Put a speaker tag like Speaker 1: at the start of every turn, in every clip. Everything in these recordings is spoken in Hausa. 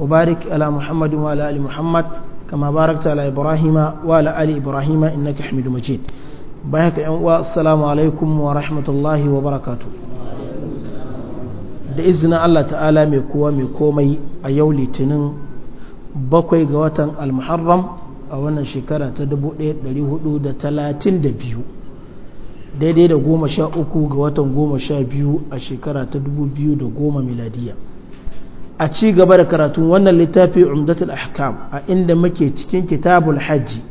Speaker 1: وبارك على محمد وعلى آل محمد كما باركت على إبراهيم وعلى آل إبراهيم إنك حميد مجيد بارك والسلام عليكم ورحمة الله وبركاته da izina Allah ta'ala mai kowa mai komai a yau litinin bakwai ga watan almuharram a wannan shekara ta 1432 daidai da goma sha uku ga watan goma sha biyu a shekara ta 2010 miladiya a ci gaba da karatun wannan littafi umdatul ahkam a inda muke cikin kitabul hajji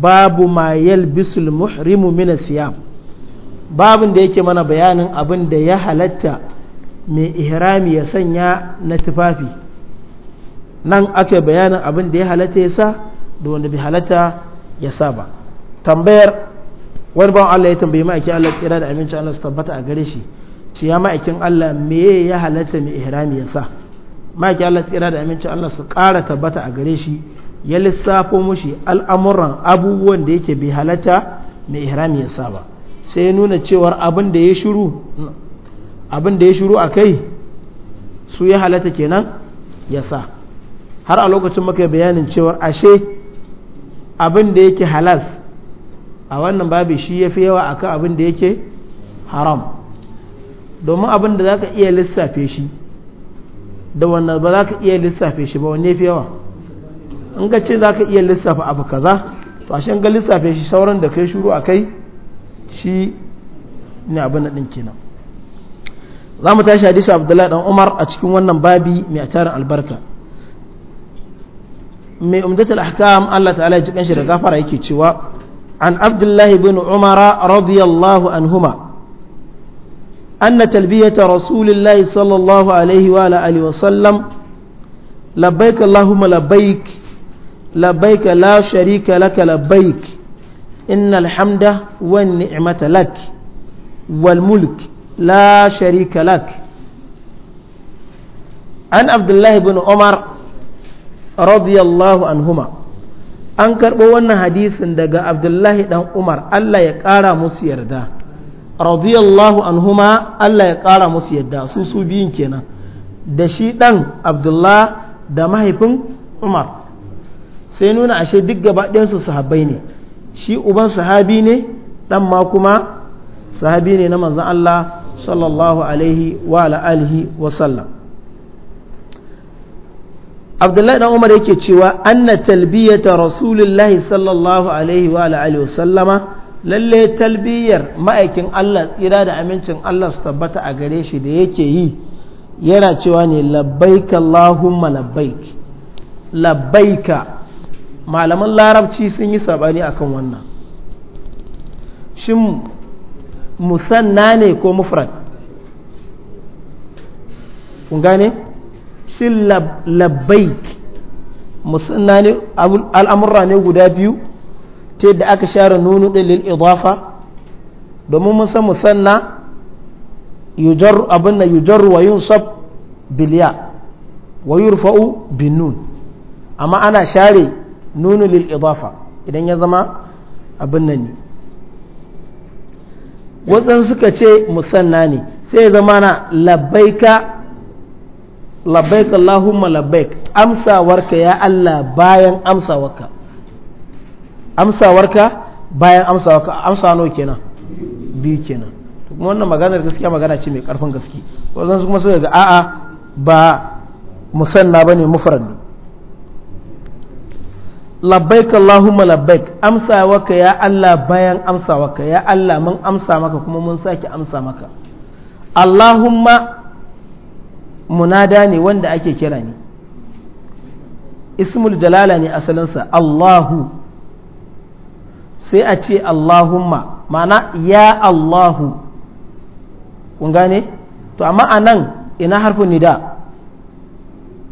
Speaker 1: babu ma yalbisul muhrimu min siyam babin da yake mana bayanin abin da ya halatta mai ihrami ya sanya na tufafi nan aka bayanin abin da ya halatta ya sa da wanda bai halatta ya sa ba tambayar wani bawan Allah ya tambayi ma'aikin Allah tsira da aminci Allah su tabbata a gare shi ciya ma'aikin Allah me ya halatta mai ihrami ya sa maki Allah tsira da aminci Allah su ƙara tabbata a gare shi ya lissafo mushi al'amuran abubuwan da yake bai halatta mai ihrami ya saba sai ya nuna cewar abin da ya shuru abin da ya shuru a kai su ya halatta kenan ya sa har a lokacin muka bayanin cewar ashe abin da yake halas a wannan babi shi ya fi yawa akan abin da yake haram domin abin da za ka iya lissafe shi da wannan ba za ka iya lissafe shi ba wanne fi yawa in ka ce za ka iya lissafa abu kaza to a ga lissafe shi sauran da kai shuru a kai shi ne abin na ɗinki kenan za mu tashi hadisi abdullahi dan umar a cikin wannan babi mai tarin albarka mai umdatul ahkam Allah ta'ala ya ji kanshi da gafara yake cewa an abdullahi bin umara radiyallahu anhuma أن تلبية رسول الله صلى الله عليه وعلى آله وسلم لبيك اللهم لبيك لبيك لا شريك لك لبيك إن الحمد والنعمة لك والملك لا شريك لك عن عبد الله بن عمر رضي الله عنهما an karɓo wannan hadisin daga abdullahi ɗan umar allah ya ƙara musu yarda radiyallahu anhuma Allah ya ƙara musu yadda su su biyun kenan da shi ɗan abdullah da mahaifin umar sai nuna ashe duk gaba su sahabbai ne shi uban sahabi ne ɗan ma kuma sahabi ne na manzan Allah sallallahu alaihi wa alihi wa sallam abdullahi dan umar yake cewa anna talbiyata rasulullahi sallallahu alaihi wa alihi wa sallama lalle talbiyar ma'aikin Allah tsira da amincin Allah su tabbata a gare shi da yake yi yana cewa ne labbaik Allahumma labbaik labbaika malaman larabci sun yi sabani akan wannan shin musanna ne ko mufrad kun gane shin labbaik musanna ne al'amurra ne guda biyu ta yadda aka share nunu ɗin lil idafa domin mun san musanna yujar abin da yujar wa yunsab biliya wa yurfa'u bin nun amma ana share nunu lil idafa idan ya zama abin nan ne waɗansu suka ce musanna ne sai ya zama na labbaika labbaik Allahumma labbaik amsawarka ya Allah bayan amsawarka amsawarka bayan amsawarka amsa nawa kenan biyu kenan kuma wannan maganar gaskiya magana ce mai karfin gaske wajen kuma suka ga a'a ba musanna bane mufrad ne labbaik allahumma labbaik amsawarka ya Allah bayan amsawarka ya Allah mun amsa maka kuma mun sake amsa maka allahumma munada ne wanda ake kira ne ismul jalala ne asalinsa allahu sai a ce Allahumma mana ya Allahu kun gane to amma a nan ina harfin nida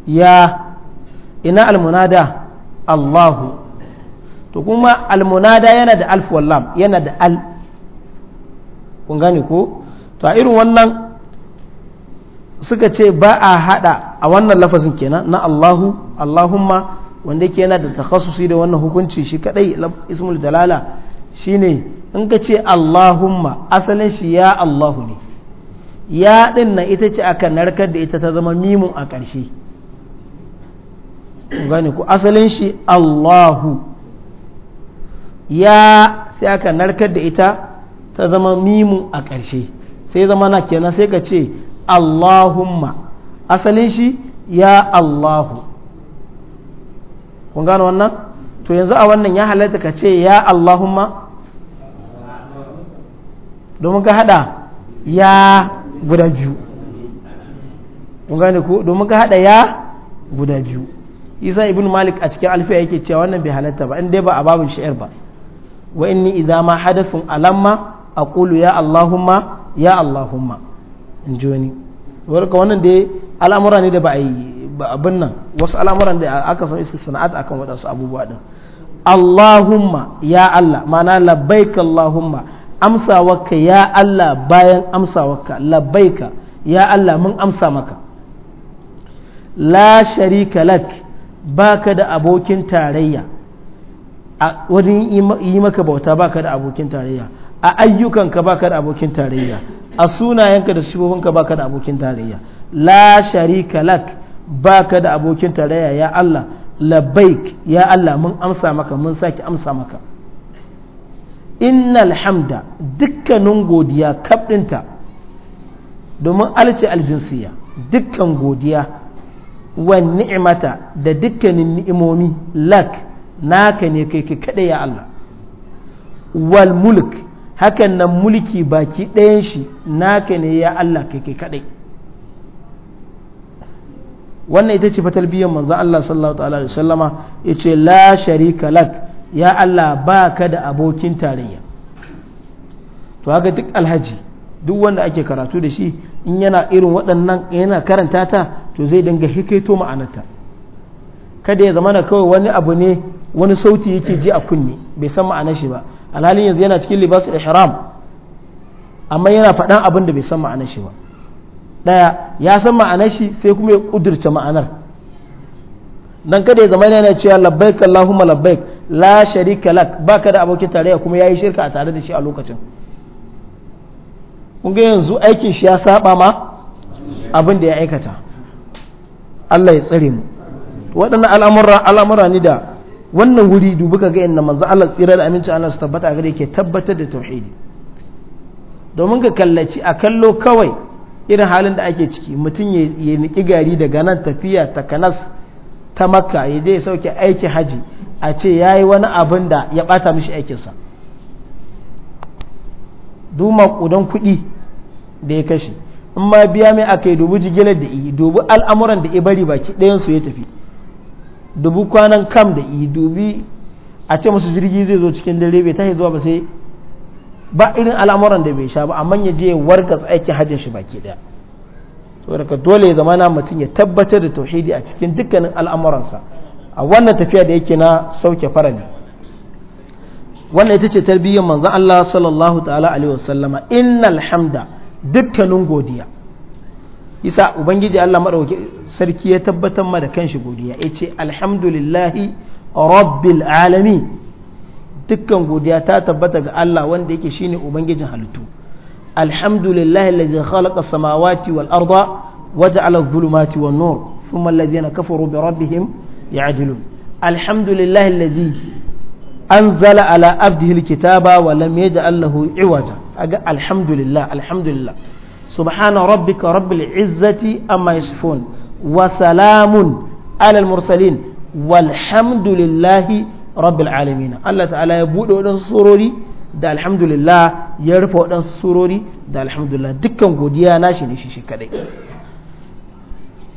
Speaker 1: ya ina almunada Allahu to kuma almunada yana da alf wallam yana da al kun gane ko to a irin wannan suka ce ba a hada a wannan lafazin kenan na Allahu Allahumma wanda yake yana da takasusi da wannan hukunci shi kadai ismul jalala shine in ka ce Allahumma asalin shi ya Allahu ne ya din nan ita ce aka narkar da ita ta zama mimun a ƙarshe gani ku asalin shi Allahu ya sai aka narkar da ita ta zama mimun a ƙarshe sai zama na kenan sai ka ce Allahumma asalin shi ya Allahu kun gano wannan to yanzu a wannan ya halatta ka ce ya Allahumma domin ka hada ya guda biyu kun gane ko domin ka hada ya guda biyu isa ibn malik a cikin alfiya yake cewa wannan bai halatta ba in dai ba a babin shi'ar ba wa inni idza ma hadathun alamma aqulu ya allahumma ya allahumma in ji wani wannan dai al'amura ne da ba a yi abin nan wasu al'amuran da aka san a kan waɗansu abubuwa din Allahumma ya Allah mana labbaika Allahumma amsawarka ya Allah bayan amsawarka labbaika ya Allah mun amsa maka la sharika lak baka da abokin tarayya a wani yi maka bauta baka da abokin tarayya a ayyukanka baka da abokin tarayya a sunayenka da sifofinka baka da abokin tarayya la sharika lak baka da abokin tarayya ya Allah labbaik ya Allah mun amsa maka mun sake amsa maka innal hamda dukkanin godiya kabdinta domin alce aljinsiya dukkan godiya wa ni'mata da dukkanin ni'imomi lak naka ne kai kada ya Allah wal mulk hakan nan mulki baki ɗayan shi naka ne ya Allah kai kai kadai wannan ita ce fatar biyan manzo Allah sallallahu ta'ala da sallama yace la sharika lak ya Allah ba ka da abokin tarayya to haka duk alhaji duk wanda ake karatu da shi in yana irin waɗannan yana karanta ta to zai dinga hikaito ma'anarta kada ya zamana kawai wani abu ne wani sauti yake ji a kunne bai san ma'anar shi ba alhalin yanzu yana cikin libas ihram amma yana faɗan abin da bai san ma'anar shi ba ɗaya ya san ma'anar shi sai kuma ya kudurce ma'anar dan kada ya zama yana cewa labbaik Allahumma labbaik la sharika lak baka da abokin tarayya kuma yayi shirka a tare da shi a lokacin kun ga yanzu aikin shi ya saba ma abin da ya aikata Allah ya tsare mu waɗannan al'amura al'amura ne da wannan wuri dubu ka ga inna manzo Allah tsira da aminci Allah su tabbata ga yake tabbatar da tauhidi domin ka kallaci a kallo kawai irin halin da ake ciki mutum ya niki gari daga nan tafiya ta kanas ta makka ya je sauke aiki haji a ce ya yi wani abin da ya bata mishi aikinsa duma kudan kudi da ya kashe in ma biya mai aka yi dubu jigilar da iya dubu al'amuran da ya bari baki ɗayansu ya tafi dubu kwanan kam da iya dubi a ce musu jirgi zai zo cikin dare bai yi zuwa ba sai ba irin al'amuran da bai sha ba amma ya je warga aikin hajjin shi baki daya da dole ya zama na mutum ya tabbatar da tauhidi a cikin dukkanin al'amuransa a wannan tafiya da yake na sauke farani. wannan ita ce tarbiyyar manzon Allah sallallahu ta'ala alaihi wasallama innal hamda dukkanin godiya isa ubangiji Allah madauki sarki ya tabbatar ma da kanshi godiya yace alhamdulillahi rabbil alamin dukkan godiya ta tabbata ga Allah wanda yake shine ubangijin halittu alhamdulillahi alladhi khalaqa samawati wal arda wa ja'ala adh-dhulumati wan nur thumma alladhina kafaru bi rabbihim ya'dilun alhamdulillahi alladhi anzala ala abdihi alkitaba wa lam yaj'al lahu iwaja aga alhamdulillah alhamdulillah subhana rabbika rabbil izzati amma yasifun wa salamun ala al mursalin والحمد rabbil alamin Allah ta'ala ya bude wadansu surori da alhamdulillah ya rufe wadansu surori da alhamdulillah dukkan godiya nashi ne shi shi kadai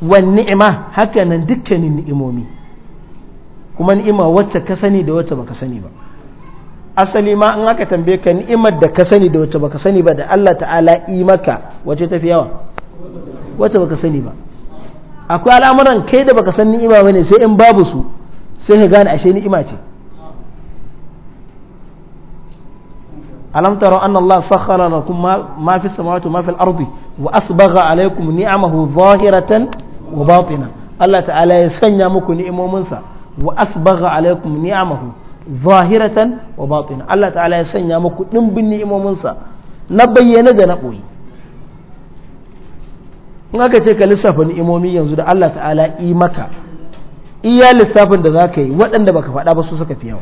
Speaker 1: wan ni'ima haka nan dukkanin ni'imomi kuma ni'ima wacce ka sani da wacce baka sani ba asali ma in aka tambaye ka ni'imar da ka sani da wacce baka sani ba da Allah ta'ala yi maka wacce tafi yawa wacce baka sani ba akwai al'amuran kai da baka san ni'ima bane sai in babu su sai ka gane ashe ni'ima ce alam tara anna Allah sakhara lakum ma fi samawati ma fil ardi wa asbagha alaykum ni'amahu zahiratan wa batina Allah ta'ala ya sanya muku ni'imominsa wa asbagha alaykum ni'amahu zahiratan wa batina Allah ta'ala ya sanya muku dimbin ni'imominsa na bayyana da na boye in aka ce ka lissafa ni'imomi yanzu da Allah ta'ala yi maka iya lissafin da za ka yi waɗanda baka faɗa ba su suka fi yawa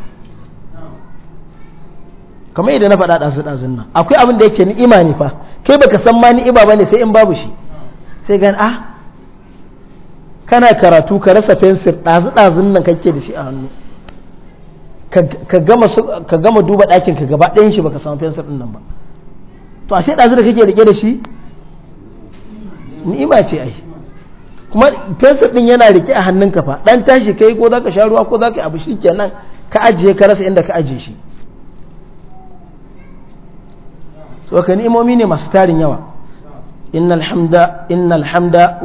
Speaker 1: kamar yadda na faɗa ɗazu ɗazun nan akwai abin da yake ni'ima ne fa kai baka san ma ni'ima bane sai in babu shi sai gan ah kana karatu ka rasa fensir ɗazu ɗazun nan kake da shi a hannu ka gama duba ɗakin ka gaba ɗayan shi baka samu fensir ɗin nan ba to ashe ɗazu da kake rike da shi ni'ima ce ai kuma fensir ɗin yana rike a hannunka fa ɗan tashi kai ko za ka sha ruwa ko za ka abu shi nan, ka ajiye ka rasa inda ka ajiye shi saboda ni'imomi ne masu tarin yawa innal hamda innal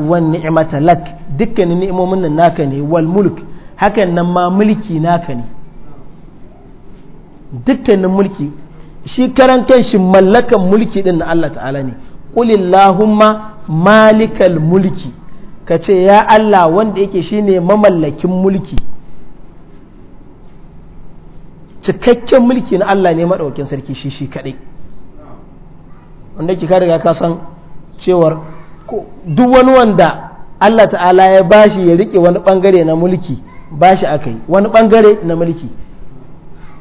Speaker 1: wan ni'mata lak dukkanin ni'imomin nan naka ne wal mulk hakan nan ma mulki naka ne dukkanin mulki shi karan kanshi mallakan mulki din na Allah ta'ala ne qulillahumma malikal mulki ka ce ya Allah wanda yake shine mamallakin mulki cikakken mulki na Allah ne maɗaukin sarki shi shi kaɗai wanda ki ka riga ka san cewar duk wani wanda Allah ta'ala ya bashi ya rike wani bangare na mulki bashi aka yi wani bangare na mulki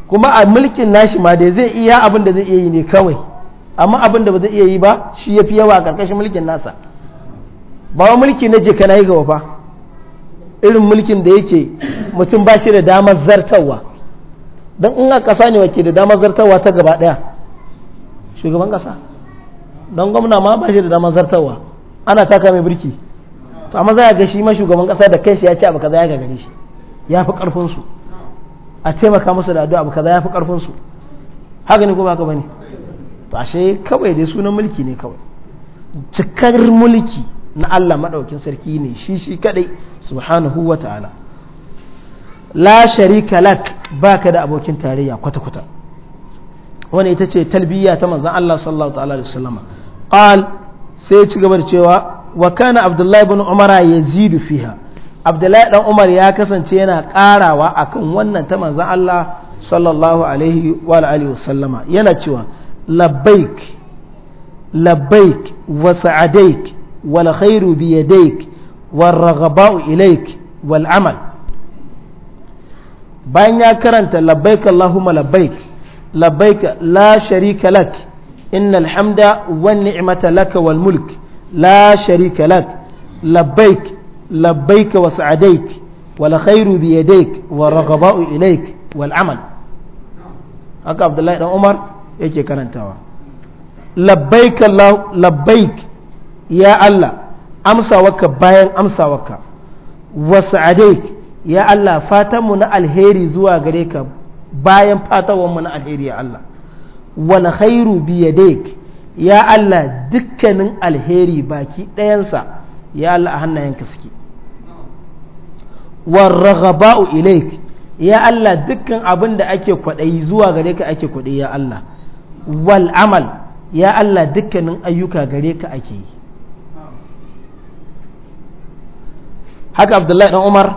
Speaker 1: kuma a mulkin nashi ma da zai iya abin da zai iya yi ne kawai amma abin da ba zai iya yi ba shi ya fi yawa a karkashin mulkin nasa ba wa mulki na je kana yi gaba fa irin mulkin da yake mutum ba shi da damar zartarwa don in a ƙasa ne wake da damar zartarwa ta gaba ɗaya shugaban kasa. don gwamna ma ba shi da damar zartarwa ana taka mai birki to amma za a ga shi ma shugaban kasa da kai shi ya ce abu kaza ya gare shi ya fi karfin su a taimaka musu da addu'a abu kaza ya fi karfin su haka ne ko ba ka bane to ashe kawai dai sunan mulki ne kawai cikar mulki na Allah madaukin sarki ne shi shi kadai subhanahu wa ta'ala la sharika lak baka da abokin tarayya kwata kwata wani ita ce talbiya ta manzon Allah sallallahu ta'ala alaihi wasallama qal sai ci gaba da cewa wa kana abdullahi umar umara yazidu fiha abdullahi dan umar ya kasance yana karawa akan wannan ta manzon Allah sallallahu alaihi wa alihi yana cewa labbaik labbaik wa sa'adaik wal khairu bi yadaik wal raghaba'u ilaik wal amal bayan ya karanta labbaik allahumma labbaik labbaik la sharika lak إن الحمد والنعمة لك والملك لا شريك لك لبيك لبيك وسعديك والخير بيديك والرغباء إليك والعمل haka abdullahi dan umar yake karantawa labbaik allah labbaik ya allah amsawarka bayan amsawarka wa sa'adaik ya allah fatanmu na alheri zuwa gareka ka bayan fatanmu na alheri ya allah wal khairu biyadek ya Allah dukkanin alheri baki ɗayansa ya Allah a hannayenka suke war raghaba'u ilaik ya Allah dukkan abin da ake kwaɗayi zuwa gare ka ake kwaɗayi ya Allah wal amal ya Allah dukkanin ayyuka gare ka ake yi haka abdullahi dan umar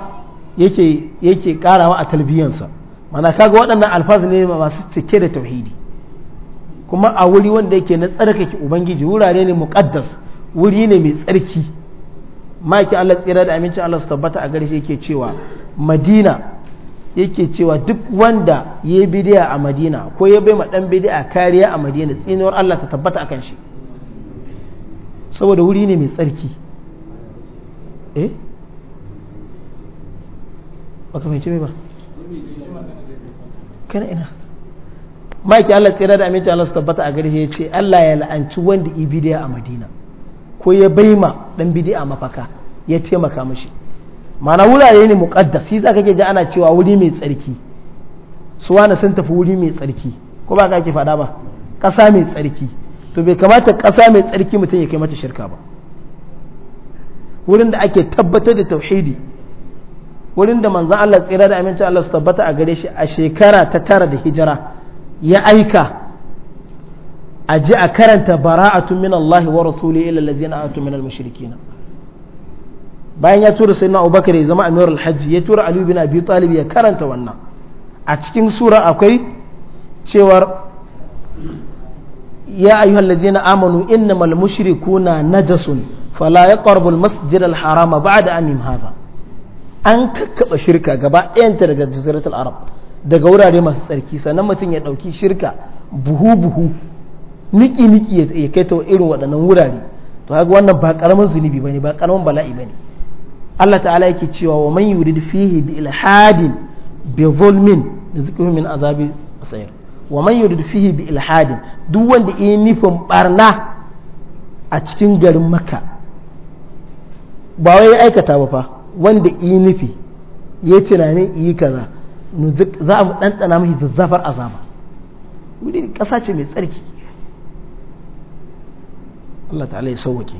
Speaker 1: yake yake karawa a talbiyansa mana kaga waɗannan alfazu ne masu cike da tauhidi kuma a wuri wanda yake na tsarkake ubangiji wurare ne muqaddas wuri ne mai tsarki maki Allah tsira da amincin Allah su tabbata a gare shi yake cewa Madina yake cewa duk wanda ya bidiya a Madina ko ya bai ma dan bidiya kariya a Madina tsinuwar Allah ta tabbata akan shi saboda wuri ne mai tsarki eh baka fahimci mai ba kana ina maki Allah tsira da aminci Allah su tabbata a gare ya ce Allah ya la'anci wanda ibidiya a Madina ko ya bai ma dan bidi'a mafaka ya taimaka mashi mana wurare ne muqaddas shi zaka ke ji ana cewa wuri mai tsarki su wani sun tafi wuri mai tsarki ko ba ka ake fada ba ƙasa mai tsarki to bai kamata ƙasa mai tsarki mutum ya kai mata shirka ba wurin da ake tabbatar da tauhidi wurin da manzan Allah tsira da amincin Allah su tabbata a gare shi a shekara ta tara da hijira ya aika a ji a karanta bara'atun min Allah wa rasuli ila allazina atu min al-mushrikin bayan ya tura sayyidina Abubakar ya zama amirul hajji ya tura Ali bin Abi Talib ya karanta wannan a cikin sura akwai cewar ya ayyuhal ladzina amanu innamal mushrikuna najasun fala yaqrabu al-masjid al-harama ba'da amim hadha an kakkaba shirka gaba ɗayanta daga jaziratul arab daga wurare masu tsarki sannan mutum ya ɗauki shirka buhu-buhu niki-niki ya kai ta irin waɗannan wurare to haka wannan ba ƙaramin zunubi ba ne ba ƙaramin bala'i ba ne Allah ta'ala yake cewa wa man yurid fihi bi ilhadin bi zulmin da zikihu min azabi sayar wa man yurid fihi bi ilhadin duk wanda yi nufin barna a cikin garin makka ba wai ya aikata ba fa wanda yi nufi ya tunanin yi kaza za a mu ɗanɗana mashi zazzafar azaba wuri ƙasa ce mai tsarki Allah ta'ala ya sauwake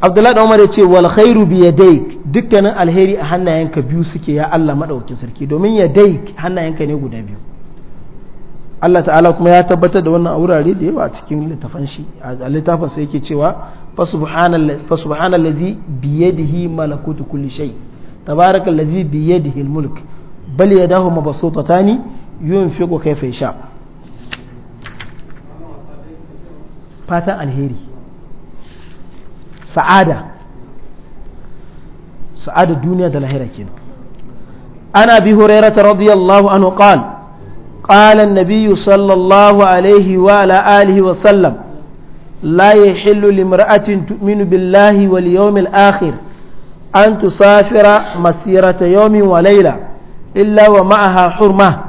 Speaker 1: Abdullahi Umar ya ce wal khairu bi yadayk dukkanin alheri a hannayenka biyu suke ya Allah maɗaukin sarki domin yadayk hannayenka ne guda biyu Allah ta'ala kuma ya tabbatar da wannan a wurare da yawa cikin littafan shi a littafin sai yake cewa fa subhana subhanallazi biyadihi malakutu kulli shay tabarakallazi biyadihi almulk bal yadahu mabsutatani yunfiqu kayfa yasha fatan alheri sa'ada sa'ada duniya da lahira kenan ana bi hurairah radiyallahu anhu qala قال النبي صلى الله عليه وعلى آله وسلم لا يحل لامرأة تؤمن بالله واليوم الآخر أن تسافر مسيرة يوم وليلة إلا ومعها حرمة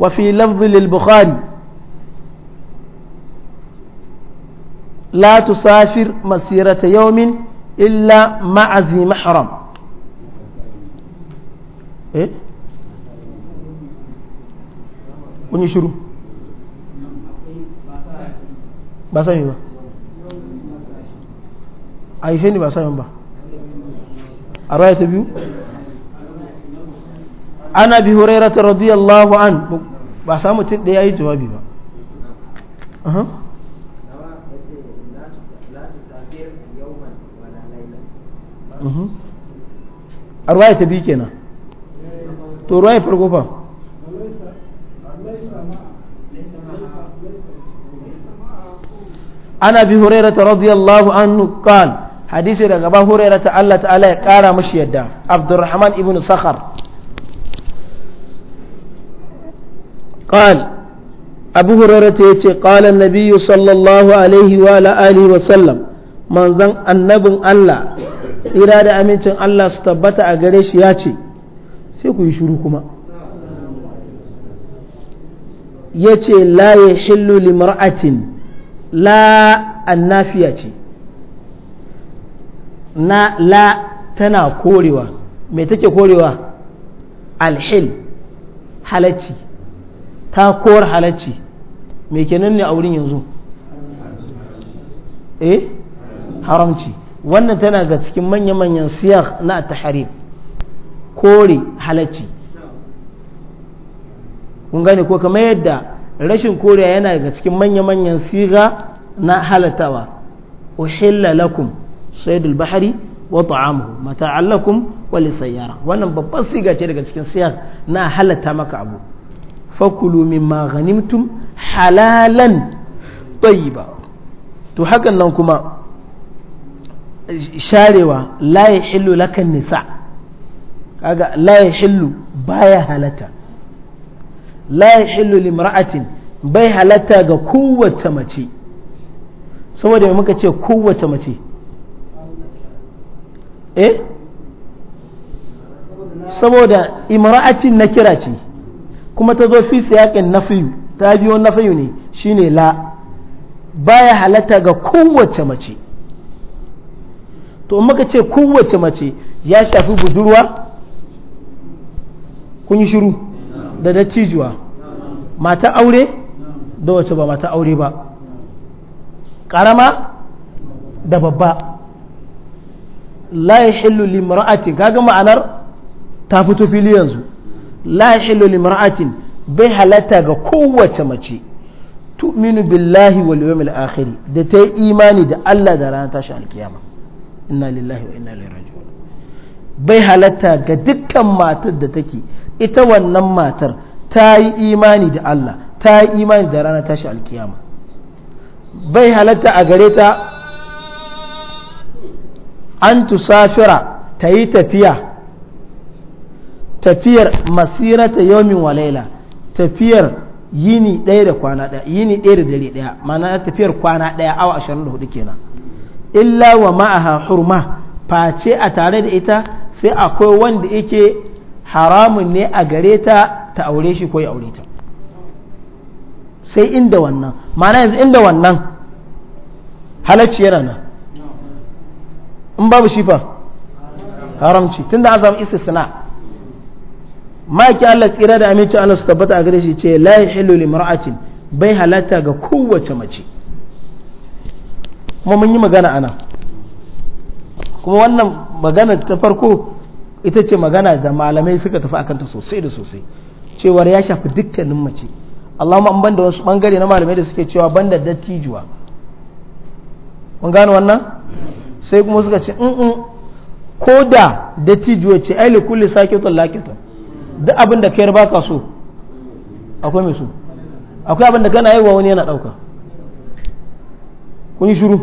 Speaker 1: وفي لفظ للبخاري لا تسافر مسيرة يوم إلا مع ذي محرم eh kun yi shiru ba sani ba a yi ne ba sani ba a raya ta biyu ana bi hurairata radiyallahu an ba samu tun ɗaya yi jawabi ba a raya ta biyu kenan to ruwa ya ana bi hurairata radiyallahu anhu qala hadisi daga ba hurairah ta Allah ta'ala ya kara mashi yadda Abdurrahman ibn Sakhar qal Abu Hurairah ta yace qala an-nabiy sallallahu alaihi wa alihi wa sallam manzon annabin Allah tsira da amincin Allah su tabbata a gare shi ya ce sai ku yi shuru kuma ya ce la ya hillu limar'atin la annafiya ce na la tana korewa mai take korewa alhil halacci ta kowar halacci mai kenan ne a wurin yanzu eh haramci wannan tana ga cikin manya-manyan siyar na taharib kore halacci kun gane ko kamar yadda rashin koriya yana daga cikin manya-manyan siga na halatawa uhilla lakum saidul bahari wa ta'amuhu mata'allakum wa wannan babban siga ce daga cikin siyar na halata maka abu fakulu mimma ghanimtum halalan tayyiba to hakan nan kuma sharewa la yahillu lakan nisa' kaga la ya ba baya halatta la ya hillu limra'atin bai halatta ga kowace mace saboda muka ce kowace mace eh saboda imra'atin na kira ce kuma ta zo fi siyaƙin nafiyu ta biyo nafiyu ne shine la baya halatta ga kowace mace to in muka ce kowace mace ya shafi budurwa kun yi shiru da dattijuwa mata aure da wace ba mata aure ba karama da babba la yahillu limra'atin kaga ma'anar ta fito fili yanzu la yahillu limra'atin bai halatta ga kowace mace tu'minu billahi wal yawmil akhir da ta yi imani da Allah da ranar tashi alkiyama inna lillahi wa inna ilaihi raji'un bai halatta ga dukkan matar da take ita wannan matar ta yi imani da Allah ta yi imani da ranar tashi alkiyama bai halatta a gare ta an tusafira ta yi tafiya tafiyar masirata yomin walaila tafiyar yini ɗaya da kwana ɗaya yini ɗaya da dare ɗaya mana tafiyar kwana ɗaya awa ashirin da hudu kenan illa wa ma'aha hurma face a tare da ita sai akwai wanda yake haramun ne a gare ta ta aure shi ko ya aure ta sai inda wannan ma'ana yanzu inda wannan halacci yana nan in babu shi fa haramci da an samu sana maki Allah tsira da aminci Allah su tabbata a gare shi ce layi hiloli mara'acin bai halatta ga kowace mace kuma mun yi magana ana kuma wannan magana ta farko ita ce magana da malamai suka tafi akan ta sosai da sosai cewar ya shafi dukkanin mace Allahumma an banda wasu bangare na malamai da suke cewa banda dattijuwa mun gano wannan sai kuma suka ce in mm, in mm, ko da dattijuwa ce ai likulli sakitun lakitun duk abin da kayar baka so akwai mai so akwai abin da kana wa wani yana dauka kun yi shiru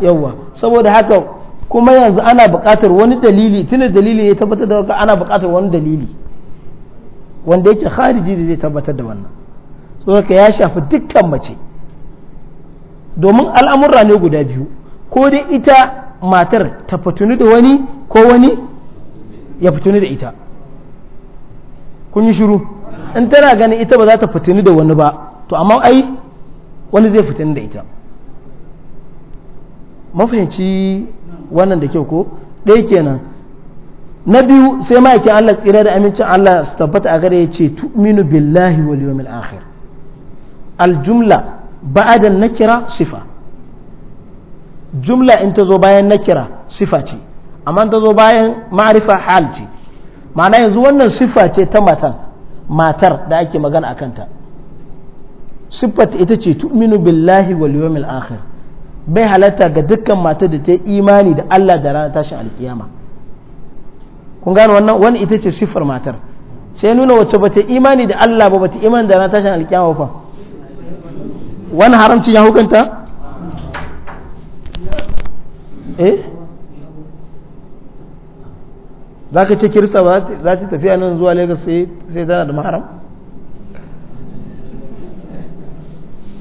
Speaker 1: yawa saboda haka kuma yanzu ana buƙatar wani dalili tunda dalili ya tabbatar da haka ana buƙatar wani dalili wanda yake khariji da zai tabbatar da wannan ka ya shafi dukkan mace domin al'amurra ne guda biyu ko dai ita matar ta fituni da wani ko wani ya fituni da ita kun yi shiru in tana ganin ita ba za ta fitini da wani ba to amma ai wani zai fitini da ita mafahimci wannan da kyau ko ɗaya kenan na biyu sai ma'aikin Allah tsira da amincin Allah su tabbata a gare ya ce tu'minu billahi wal yawmil akhir aljumla ba'da nakira sifa jumla in ta zo bayan nakira sifa ce amma ta zo bayan ma'rifa hal ce ma'ana yanzu wannan sifa ce ta matan matar da ake magana a kanta sifat ita ce tu'minu billahi wal yawmil akhir bai halatta ga dukkan matar da ta imani da Allah da ranar tashin alkiyama kun gano wannan wani ita ce sifar matar sai nuna wacce ba ta imani da Allah ba ba ta imani da ranar tashin alkiyama fa wani haramci ya hukunta eh za ka ce kirista ba za ta tafiya nan zuwa lagos sai tana da maharam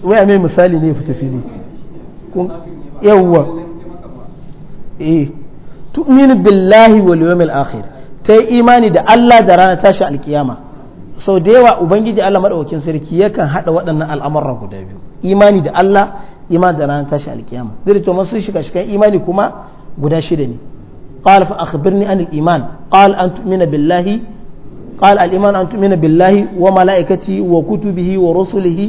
Speaker 1: wai a mai misali ne ya fita fili yawwa eh tu'minu billahi wal yawmil akhir ta yi imani da Allah da ranar tashi alkiyama sau da yawa ubangiji Allah madaukakin sarki yakan hada waɗannan al'amuran guda biyu imani da Allah imani da ranar tashi alkiyama dole to sun shiga shikan imani kuma guda shida ne qala fa akhbirni anil iman qala an tu'mina billahi قال الإيمان أن تؤمن بالله وملائكته وكتبه ورسله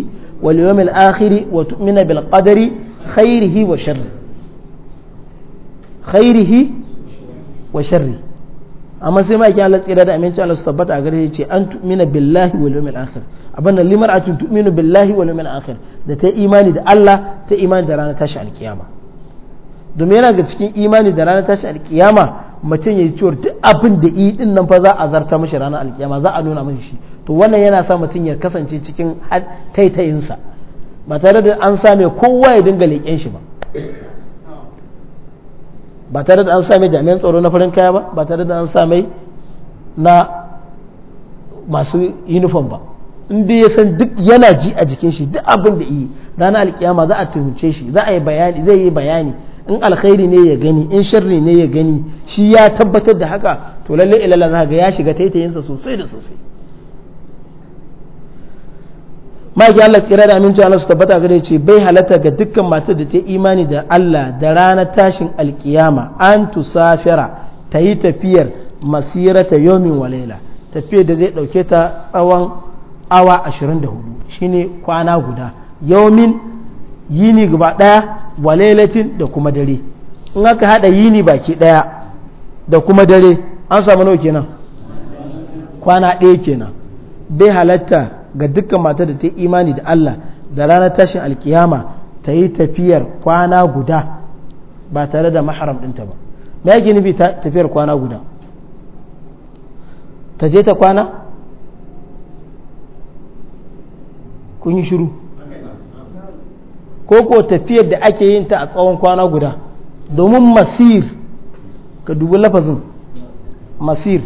Speaker 1: واليوم الآخر وتؤمن بالقدر khairihi wa sharri khairihi amma sai ma yake Allah tsira da aminci Allah su tabbata a gare shi ce an tu'mina billahi wal yawmil akhir abanda limar'atun tu'minu billahi wal yawmil akhir da ta imani da Allah ta imani da ranar tashi alkiyama domin yana ga cikin imani da ranar tashi alkiyama mutum ya yi ciwar duk abin da yi din nan fa za a zarta mashi ranar alkiyama za a nuna mashi shi to wannan yana sa mutum ya kasance cikin taitayinsa ba tare da an same kowa ya dinga leƙen shi ba ba tare da an same jami'an tsaro na farin kaya ba ba tare da an same na masu uniform ba inda ya san duk yana ji a jikin shi duk abin da yi ranar alkiyama za a tuhunce shi za a yi bayani zai yi bayani in alkhairi ne ya gani in sharri ne ya gani shi ya tabbatar da haka to lalle ilalla za ga ya shiga taitayinsa sosai da sosai maki Allah tsira da aminci Allah su tabbata gare ce bai halatta ga dukkan matar da ta imani da Allah da ranar tashin alkiyama an tusafira ta yi tafiyar masirata yomin walaila tafiyar da zai dauke ta tsawon awa 24 shine kwana guda yomin yini gaba daya walailatin da kuma dare in aka hada yini baki daya da kuma dare an samu nawa kenan kwana ɗaya kenan bai halatta ga dukkan matar da ta yi imani da Allah da ranar tashin alkiyama ta yi tafiyar kwana guda ba tare da maharam ɗinta ba me yake nufi tafiyar kwana guda ta je ta kwana kun yi shiru ko ko tafiyar da ake yin ta a tsawon kwana guda domin masir ka dubi lafazin masir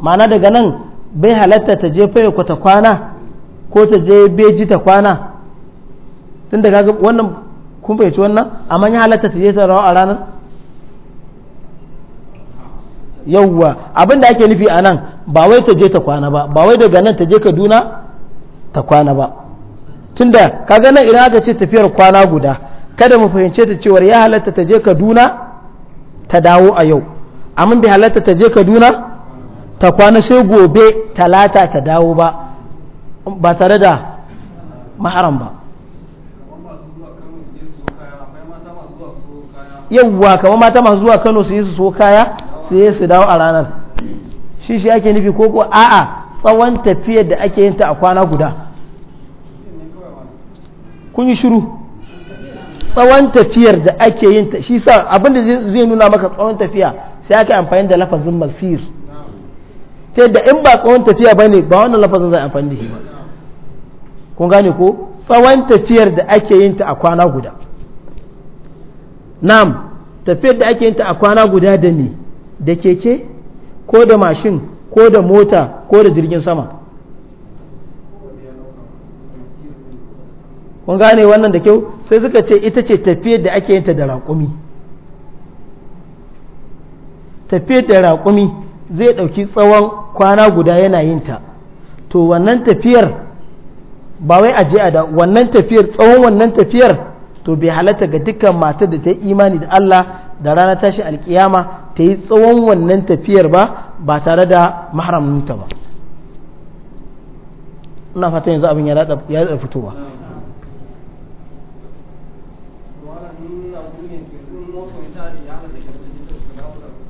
Speaker 1: ma'ana daga nan bai halatta ta je fayo ta kwana ko ta je beji ta kwana tun da kaga wannan kun fahimci wannan amma ya halatta ta je ta rawa a ranar yawwa abin da ake nufi a nan ba wai ta je ta kwana ba ba wai daga nan ta je kaduna ta kwana ba da kaga nan idan aka ce tafiyar kwana guda kada mu fahimce ta cewar ya halatta ta je kaduna ta dawo a yau amma bai halatta ta je kaduna ta kwana sai gobe talata ta dawo ba ba tare da maharam ba yawwa kama mata masu zuwa kano su yi su so kaya su yi su dawo a ranar shi shi ake nufi ko ko a'a tsawon tafiyar da ake yin ta a kwana guda kun yi shiru tsawon tafiyar da ake yin ta shi sa abinda zai nuna maka tsawon tafiya sai ake amfani da lafazin masir ta yadda in ba tsawon tafiya ba ne ba wannan lafazin za a amfani da shi ba kun gane ko tsawon tafiyar da ake yin ta a kwana guda nam tafiyar da ake yin ta a kwana guda da ne da keke ko da mashin ko da mota ko da jirgin sama kun gane wannan da kyau sai suka ce ita ce tafiyar da ake yin ta da raƙumi tafiyar da raƙumi zai ɗauki tsawon kwana guda yana yin ta to wannan tafiyar ba wai aje a da wannan tafiyar tsawon wannan tafiyar to bai halatta ga dukkan matar da ta yi imani da Allah da rana tashi alkiyama ta yi tsawon wannan tafiyar ba ba tare da mahramunta ba ina fata yanzu abin ya da fitowa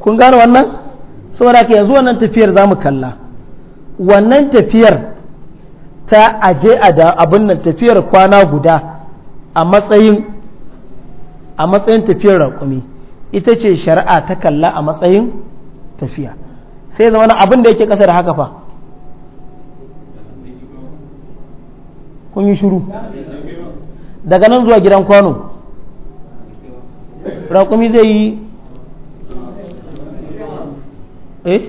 Speaker 1: kun gane wannan
Speaker 2: saboda ka yanzu wannan tafiyar za mu
Speaker 1: kalla wannan tafiyar ta aje a da abin nan tafiyar kwana guda a matsayin a matsayin tafiyar raƙumi ita ce shari'a ta kalla a matsayin tafiya sai zama abin da yake ƙasa da haka fa kun yi shuru daga nan zuwa gidan kwano raƙumi zai yi eh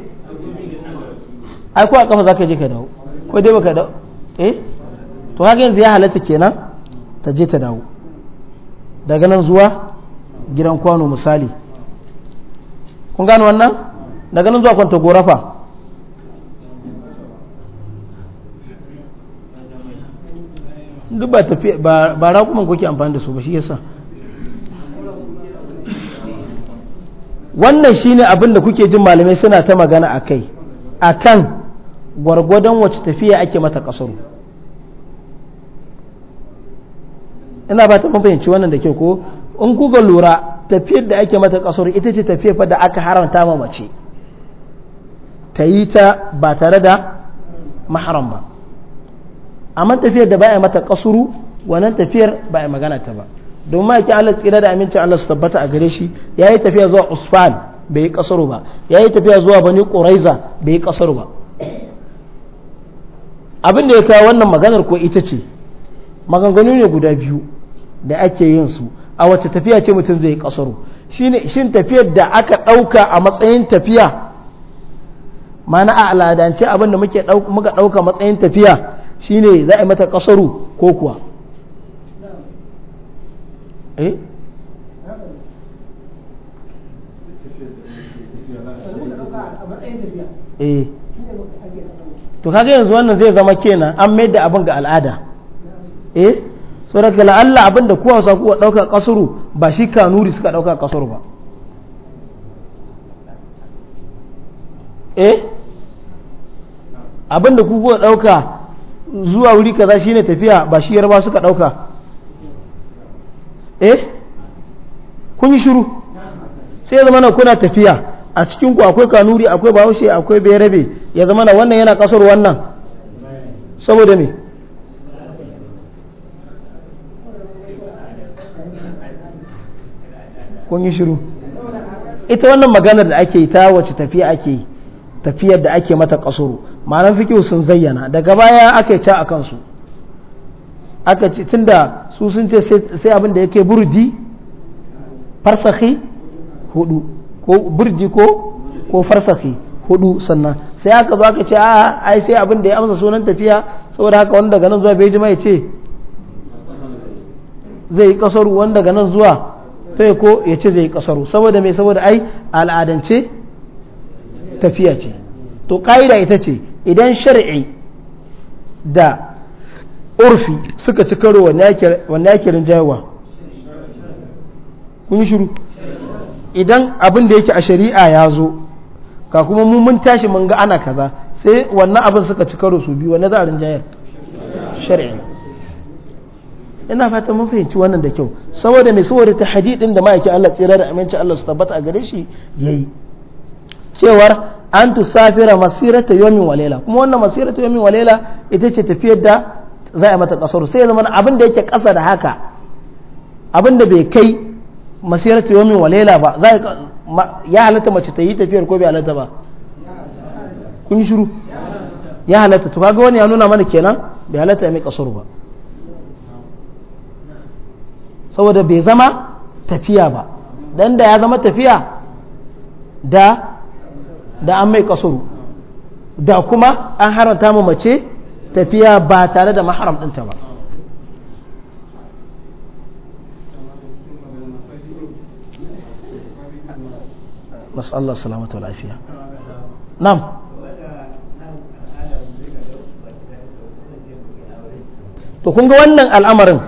Speaker 1: ai ko a kafa zaka je ka dawo ko dai baka dawo eh to haka yanzu ya halatta kenan ta je ta dawo daga nan zuwa gidan kwano misali kun gano wannan daga nan zuwa kwanta gorafa duk ba tafiya ba raƙuman kuke amfani da su ba shi yasa wannan shine abin da kuke jin malamai suna ta magana a kai a kan gwargwadon wacce tafiya ake mata kasar ina ba ta mafayanci wannan da ke ko in kuka lura tafiyar da ake mata kasar ita ce tafiyar da aka haramta ma mace ta yi ta ba tare da maharam ba amma tafiyar da ba a mata kasuru wannan tafiyar ba a magana ta ba domin ake Allah tsira da amincin Allah su tabbata a gare shi ya yi tafiya zuwa Usfan bai yi kasaru ba ya yi tafiya zuwa Bani Quraiza bai yi kasaru ba abin da ya kawo wannan maganar ko ita ce maganganu ne guda biyu da ake yin su a wacce tafiya ce mutum zai yi kasaru shine shin tafiyar da aka ɗauka a matsayin tafiya mana a aladance abin da muka ɗauka matsayin tafiya shine za a yi mata kasaru ko kuwa Eh? eh to kage yanzu wannan zai zama kenan an mai da abin ga al'ada eh so daga la'alla abin da kowa sa kowa ɗauka kasuru ba shi kanuri suka ɗauka kasuru ba eh abin da dauka ɗauka zuwa wuri kaza shine tafiya ba shi yarba suka ɗauka eh kun yi shiru sai ya zama na kuna tafiya a cikin ku akwai kanuri akwai bahaushe akwai berebe ya zama na wannan yana kasar wannan saboda me kun yi shiru ita wannan maganar da ake yi ta wace tafiya ake yi tafiyar da ake mata kasuru ma'anar fikihu sun zayyana daga baya ake ca a kansu aka ce tunda su sun ce sai abin da yake burdi farsahi hudu ko burdi ko ko farsahi hudu sannan sai aka zo aka ce a ai sai abin da ya amsa sunan tafiya saboda haka wanda daga zuwa bai jima ya ce zai yi kasaru wanda daga nan zuwa bai ko ya ce zai yi kasaru saboda mai saboda ai al'adance tafiya ce to ka'ida ita ce idan shari'i da urfi suka ci karo wa nakirin rinjayewa kun yi shiru idan abin da yake a shari'a ya zo ka kuma mun tashi mun ga ana kaza sai wannan abin suka ci karo su biyu wani za a rinjayar ina fata mun fahimci wannan da kyau saboda mai saboda ta hadidin da ma'aikin Allah tsira da aminci Allah su tabbata a gare shi yayi cewar an tusafira masirata yomin walela kuma wannan masirata yomin walela ita ce tafiyar da za a mata kasar sai zama abin da yake kasa da haka abin da bai kai masirar tiyomin walela ba za a ya halatta mace ta yi tafiyar ko bai halatta ba kun yi shiru ya halatta to kaga wani ya nuna mana kenan bai halatta ya mai kasar ba saboda bai zama tafiya ba dan da ya zama tafiya da da an mai kasuru da kuma an haranta mu mace tafiya ba tare da maharam ɗinta ba masallar salamatu lafiya nam to kun ga wannan al'amarin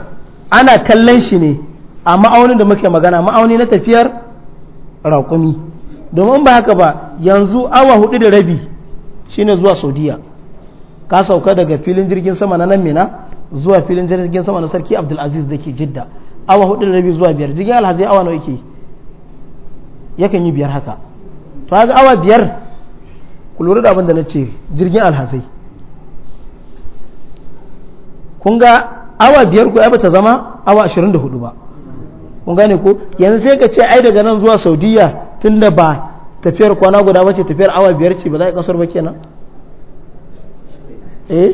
Speaker 1: ana kallon shi ne a ma'aunin da muke magana ma'auni na tafiyar raƙumi domin ba haka ba yanzu awa hudu da rabi shine zuwa saudiya ka sauka daga filin jirgin sama na nan mina zuwa filin jirgin sama na sarki abdulaziz da ke jidda awa hudu da rabi zuwa biyar jirgin alhazai awa nawa yake yakan yi biyar haka to haka awa biyar ku lura da abin da na ce jirgin alhazai kun ga awa biyar ku ai bata zama awa ashirin da hudu ba kun gane ko yanzu sai ka ce ai daga nan zuwa saudiya tunda ba tafiyar kwana guda ba ce tafiyar awa biyar ce ba za a kasar ba kenan eh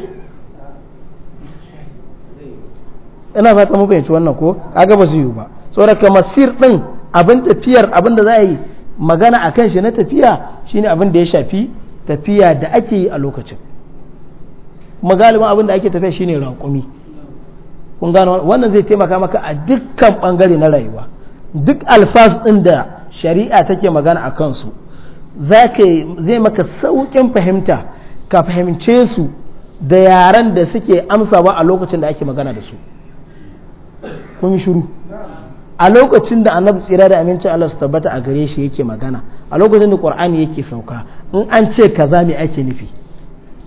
Speaker 1: ina fata mu fahimci wannan ko kaga ba su yi ba saboda ka sir din abin tafiyar abin da za a yi magana a kan shi na tafiya shine abin da ya shafi tafiya da ake yi a lokacin kuma galiban abin da ake tafiya shine rakumi kun gano wannan zai taimaka maka a dukkan bangare na rayuwa duk alfas din da shari'a take magana a kansu zai maka sauƙin fahimta ka fahimce su da yaren da suke amsa ba a lokacin da ake magana da su kun yi shiru a lokacin da annabi tsira da amincin Allah su tabbata a gare shi yake magana a lokacin da qur'ani yake sauka in an ce kaza me ake nufi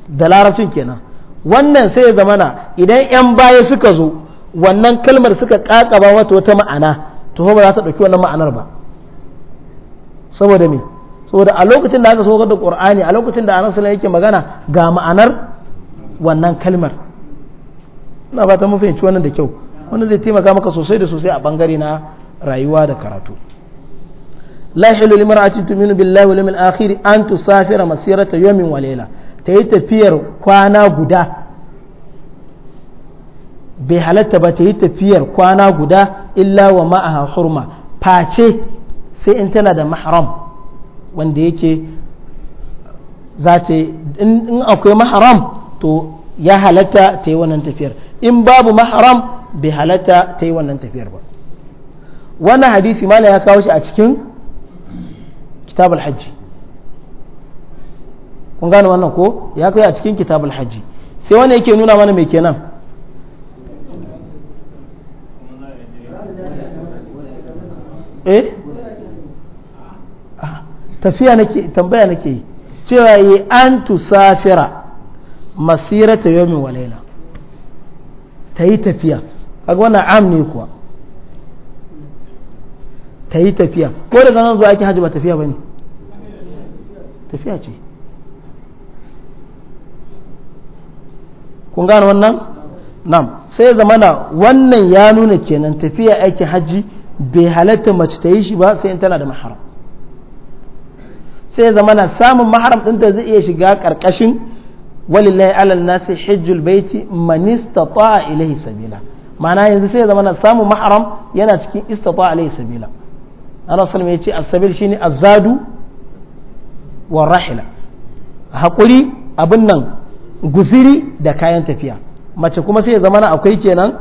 Speaker 1: da larabcin kenan wannan sai ya zamana idan yan baya suka zo wannan kalmar suka kakaba wata wata ma'ana to ba za ta dauki wannan ma'anar ba saboda me saboda a lokacin da aka saukar da qur'ani a lokacin da annabi yake magana ga ma'anar wannan kalmar ina ta mun fahimci wannan da kyau wanda zai taimaka maka sosai da sosai a bangare na rayuwa da karatu la hilu limar'atin tuminu billahi wal akhir an tusafira masirata yomin wa ta yi tafiyar kwana guda bai halatta ba ta yi tafiyar kwana guda illa wa ma'aha hurma face sai in tana da mahram wanda yake za ta in akwai mahram to ya halatta ta yi wannan tafiyar in babu mahram bai halatta ta yi wannan tafiyar ba wannan hadisi malam ya kawo shi a cikin kitab hajji kun gane wannan ko ya kai a cikin kitab hajji sai wani yake nuna mana mai kenan eh ah, tafiya nake tambaya nake cewa yi an tusafira ta yomi walaila ta yi tafiya a wannan am ne kuwa ta yi tafiya ko da zanen zuwa ake hajji ba tafiya ba ne tafiya ce kun gane wannan nam sai na wannan ya nuna kenan tafiya aikin hajji bai halatta mace ta yi shi ba sai in tana da maharam sai na samun maharam ɗinta zai iya shiga ƙarƙashin walillahi alal nasi hijjul baiti man istata'a ilayhi sabila ma'ana yanzu sai zama na samu mahram yana cikin istata'a ilayhi sabila ana sallama yace as-sabil shine azadu wa rahila hakuri abin nan guziri da kayan tafiya mace kuma sai zama na akwai kenan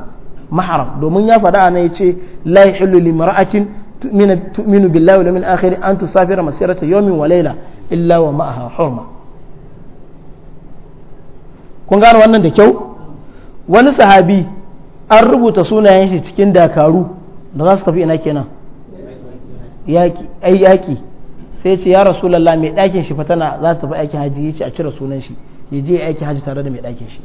Speaker 1: mahram domin ya faɗa ana yace la yahillu limra'atin tu'minu billahi wal yawmil akhir an tusafira masirata yawmin wa layla illa wa ma'aha hurma kun gane wannan da kyau wani sahabi an rubuta sunayen shi cikin dakaru da za su tafi ina kenan ai yaki sai ce ya rasulallah mai ɗakin shi fatana za ta tafi aikin haji ya ce a cire sunan shi ya je aikin haji tare da mai ɗakin shi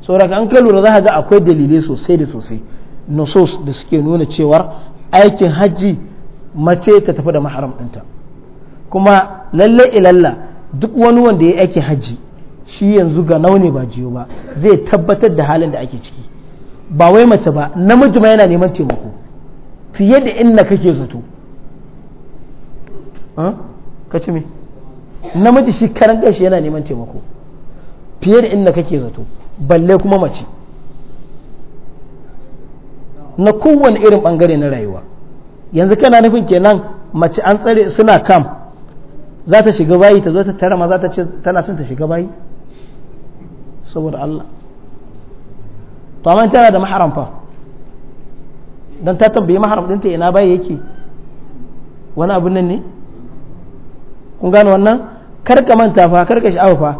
Speaker 1: saboda an kai lura za a ga akwai dalilai sosai da sosai nusus da suke nuna cewar aikin haji mace ta tafi da maharam ɗinta kuma lalle ilalla duk wani wanda ya ake haji shi yanzu ga naune ba jiyo ba zai tabbatar da halin da ake ciki ba wai mace ba namiji ma yana neman taimako fiye da inna kake zato ka ci me namiji shi karan kanshi yana neman taimako fiye da inna kake zato balle kuma mace na kowane irin bangare na rayuwa yanzu kana nufin kenan mace an tsare suna kam za ta shiga bayi ta zo ta tara maza ta ce tana son ta shiga bayi saboda Allah to amma tana da mahram fa dan ta tambayi maharam dinta ina bayi yake wani abun nan ne kun gane wannan karka manta fa karka sha'awa fa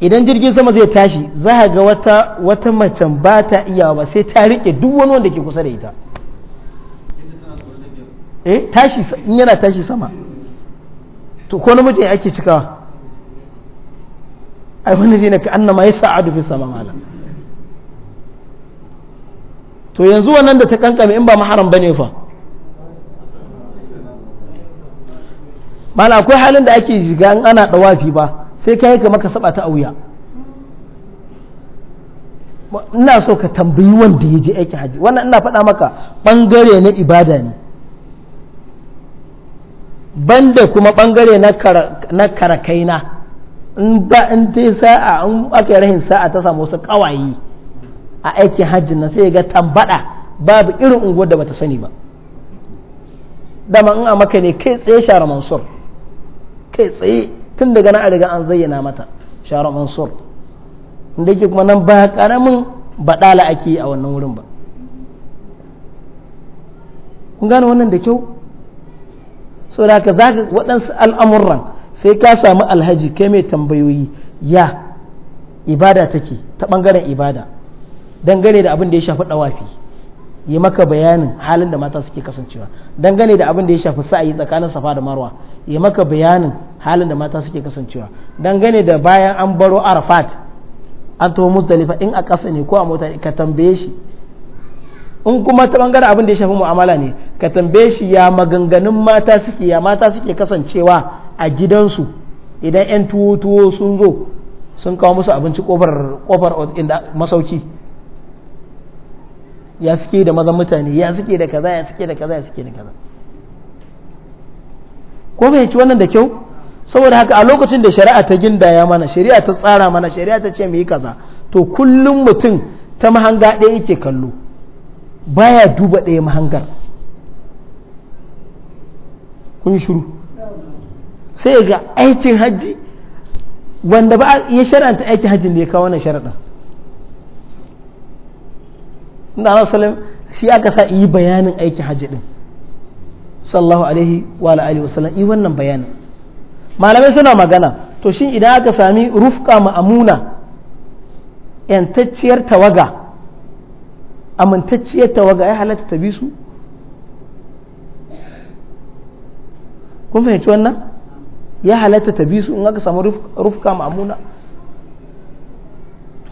Speaker 1: idan jirgin sama zai tashi za a ga wata wata macen ba ta iyawa ba sai ta rike duk wani wanda ke kusa da ita eh tashi in yana tashi sama to ko namiji ya ake cikawa ai wani zai na ka annama ya sa'adu fi sama mala to yanzu wannan da ta kankame in ba maharam bane fa mala akwai halin da ake shiga in ana dawafi ba sai kai ka maka saba ta auya ina so ka tambayi wanda ya je aikin haji wannan ina faɗa maka ɓangare na ibada ne banda kuma bangare na karakaina in ba in ta sa'a in ake rahin sa'a ta samu wasu kawaye a aikin hajji na sai ga tambada babu irin unguwar da bata sani ba dama in a maka ne kai tsaye shara mansur kai tsaye tun daga nan a riga an zayyana mata shara mansur inda yake kuma nan ba karamin badala ake a wannan wurin ba kun gane wannan da kyau saboda za zaka waɗansu al'amuran sai ka samu alhaji kai mai tambayoyi ya ibada take ta ɓangaren ibada dangane da abin da ya shafi ɗawafi yi maka bayanin halin da mata suke kasancewa dangane da abin da ya shafi sa'ayi tsakanin safa da marwa yi maka bayanin halin da mata suke kasancewa dangane da bayan an baro arafat an taho musdalifa in a ƙasa ne ko a mota ka tambaye shi in kuma ta bangaren abin da ya shafi mu'amala ne ka tambaye shi ya maganganun mata suke ya mata suke kasancewa a gidansu idan 'yan tuwo-tuwo sun zo sun kawo musu abinci kofar kofar inda masauki ya suke da mazan mutane ya suke da kaza ya suke da kaza ya suke da kaza ko bai ci wannan da kyau saboda haka a lokacin da shari'a ta gindaya mana shari'a ta tsara mana shari'a ta ce mu yi kaza to kullum mutum ta mahanga ɗaya yake kallo baya duba ɗaya mahangar kun shuru shiru sai ga aikin hajji wanda ba ya shara'anta aikin hajji da ya kawo wannan inda na salam shi aka sa yi bayanin aikin hajji din sallahu alaihi wa alihi sallam yi wannan bayanin malamai suna magana to shin idan aka sami rufka ma'amuna yantacciyar tawaga amintacciyar tawaga ya halatta ta bi su kun fahimci wannan ya halatta ta bi su in aka samu rufka ma'amuna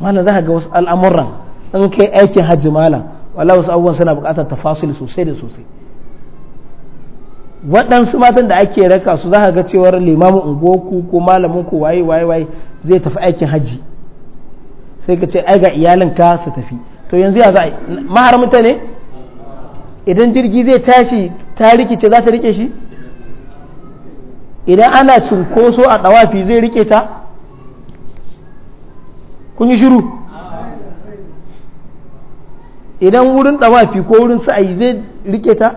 Speaker 1: mana za ga wasu al'amuran in kai aikin hajji malam wala wasu abubuwan suna bukatar tafasili sosai da sosai waɗansu matan da ake raka su za ga cewar limamin unguwarku ko malamin ku waye waye waye zai tafi aikin hajji sai ka ce ai ga iyalinka su tafi to yanzu ya za mahar ne idan jirgi zai tashi ta rikice za ta rike shi idan ana cunkoso a ɗawafi zai rike ta kun yi shiru idan wurin ɗawafi ko wurin sa'ayi zai rike ta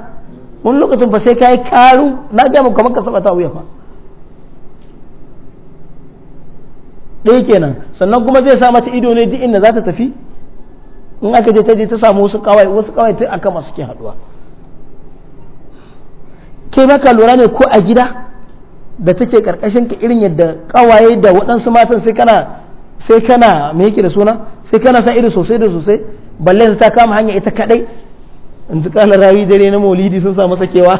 Speaker 1: wani lokacin ba sai ka yi karu na gama kamar ka saba ta wuya fa ɗaya kenan sannan kuma zai sa mata ido ne duk inda za ta tafi in aka je ta je ta samu wasu kawai wasu kawai tun aka masu ke haduwa ke baka lura ne ko a gida da take karkashin ka irin yadda kawaye da waɗansu matan sai kana sai kana me yake da suna sai kana sa iri sosai da sosai balle ta kama hanya ita kadai in ji kanar rawi dare na maulidi sun samu sakewa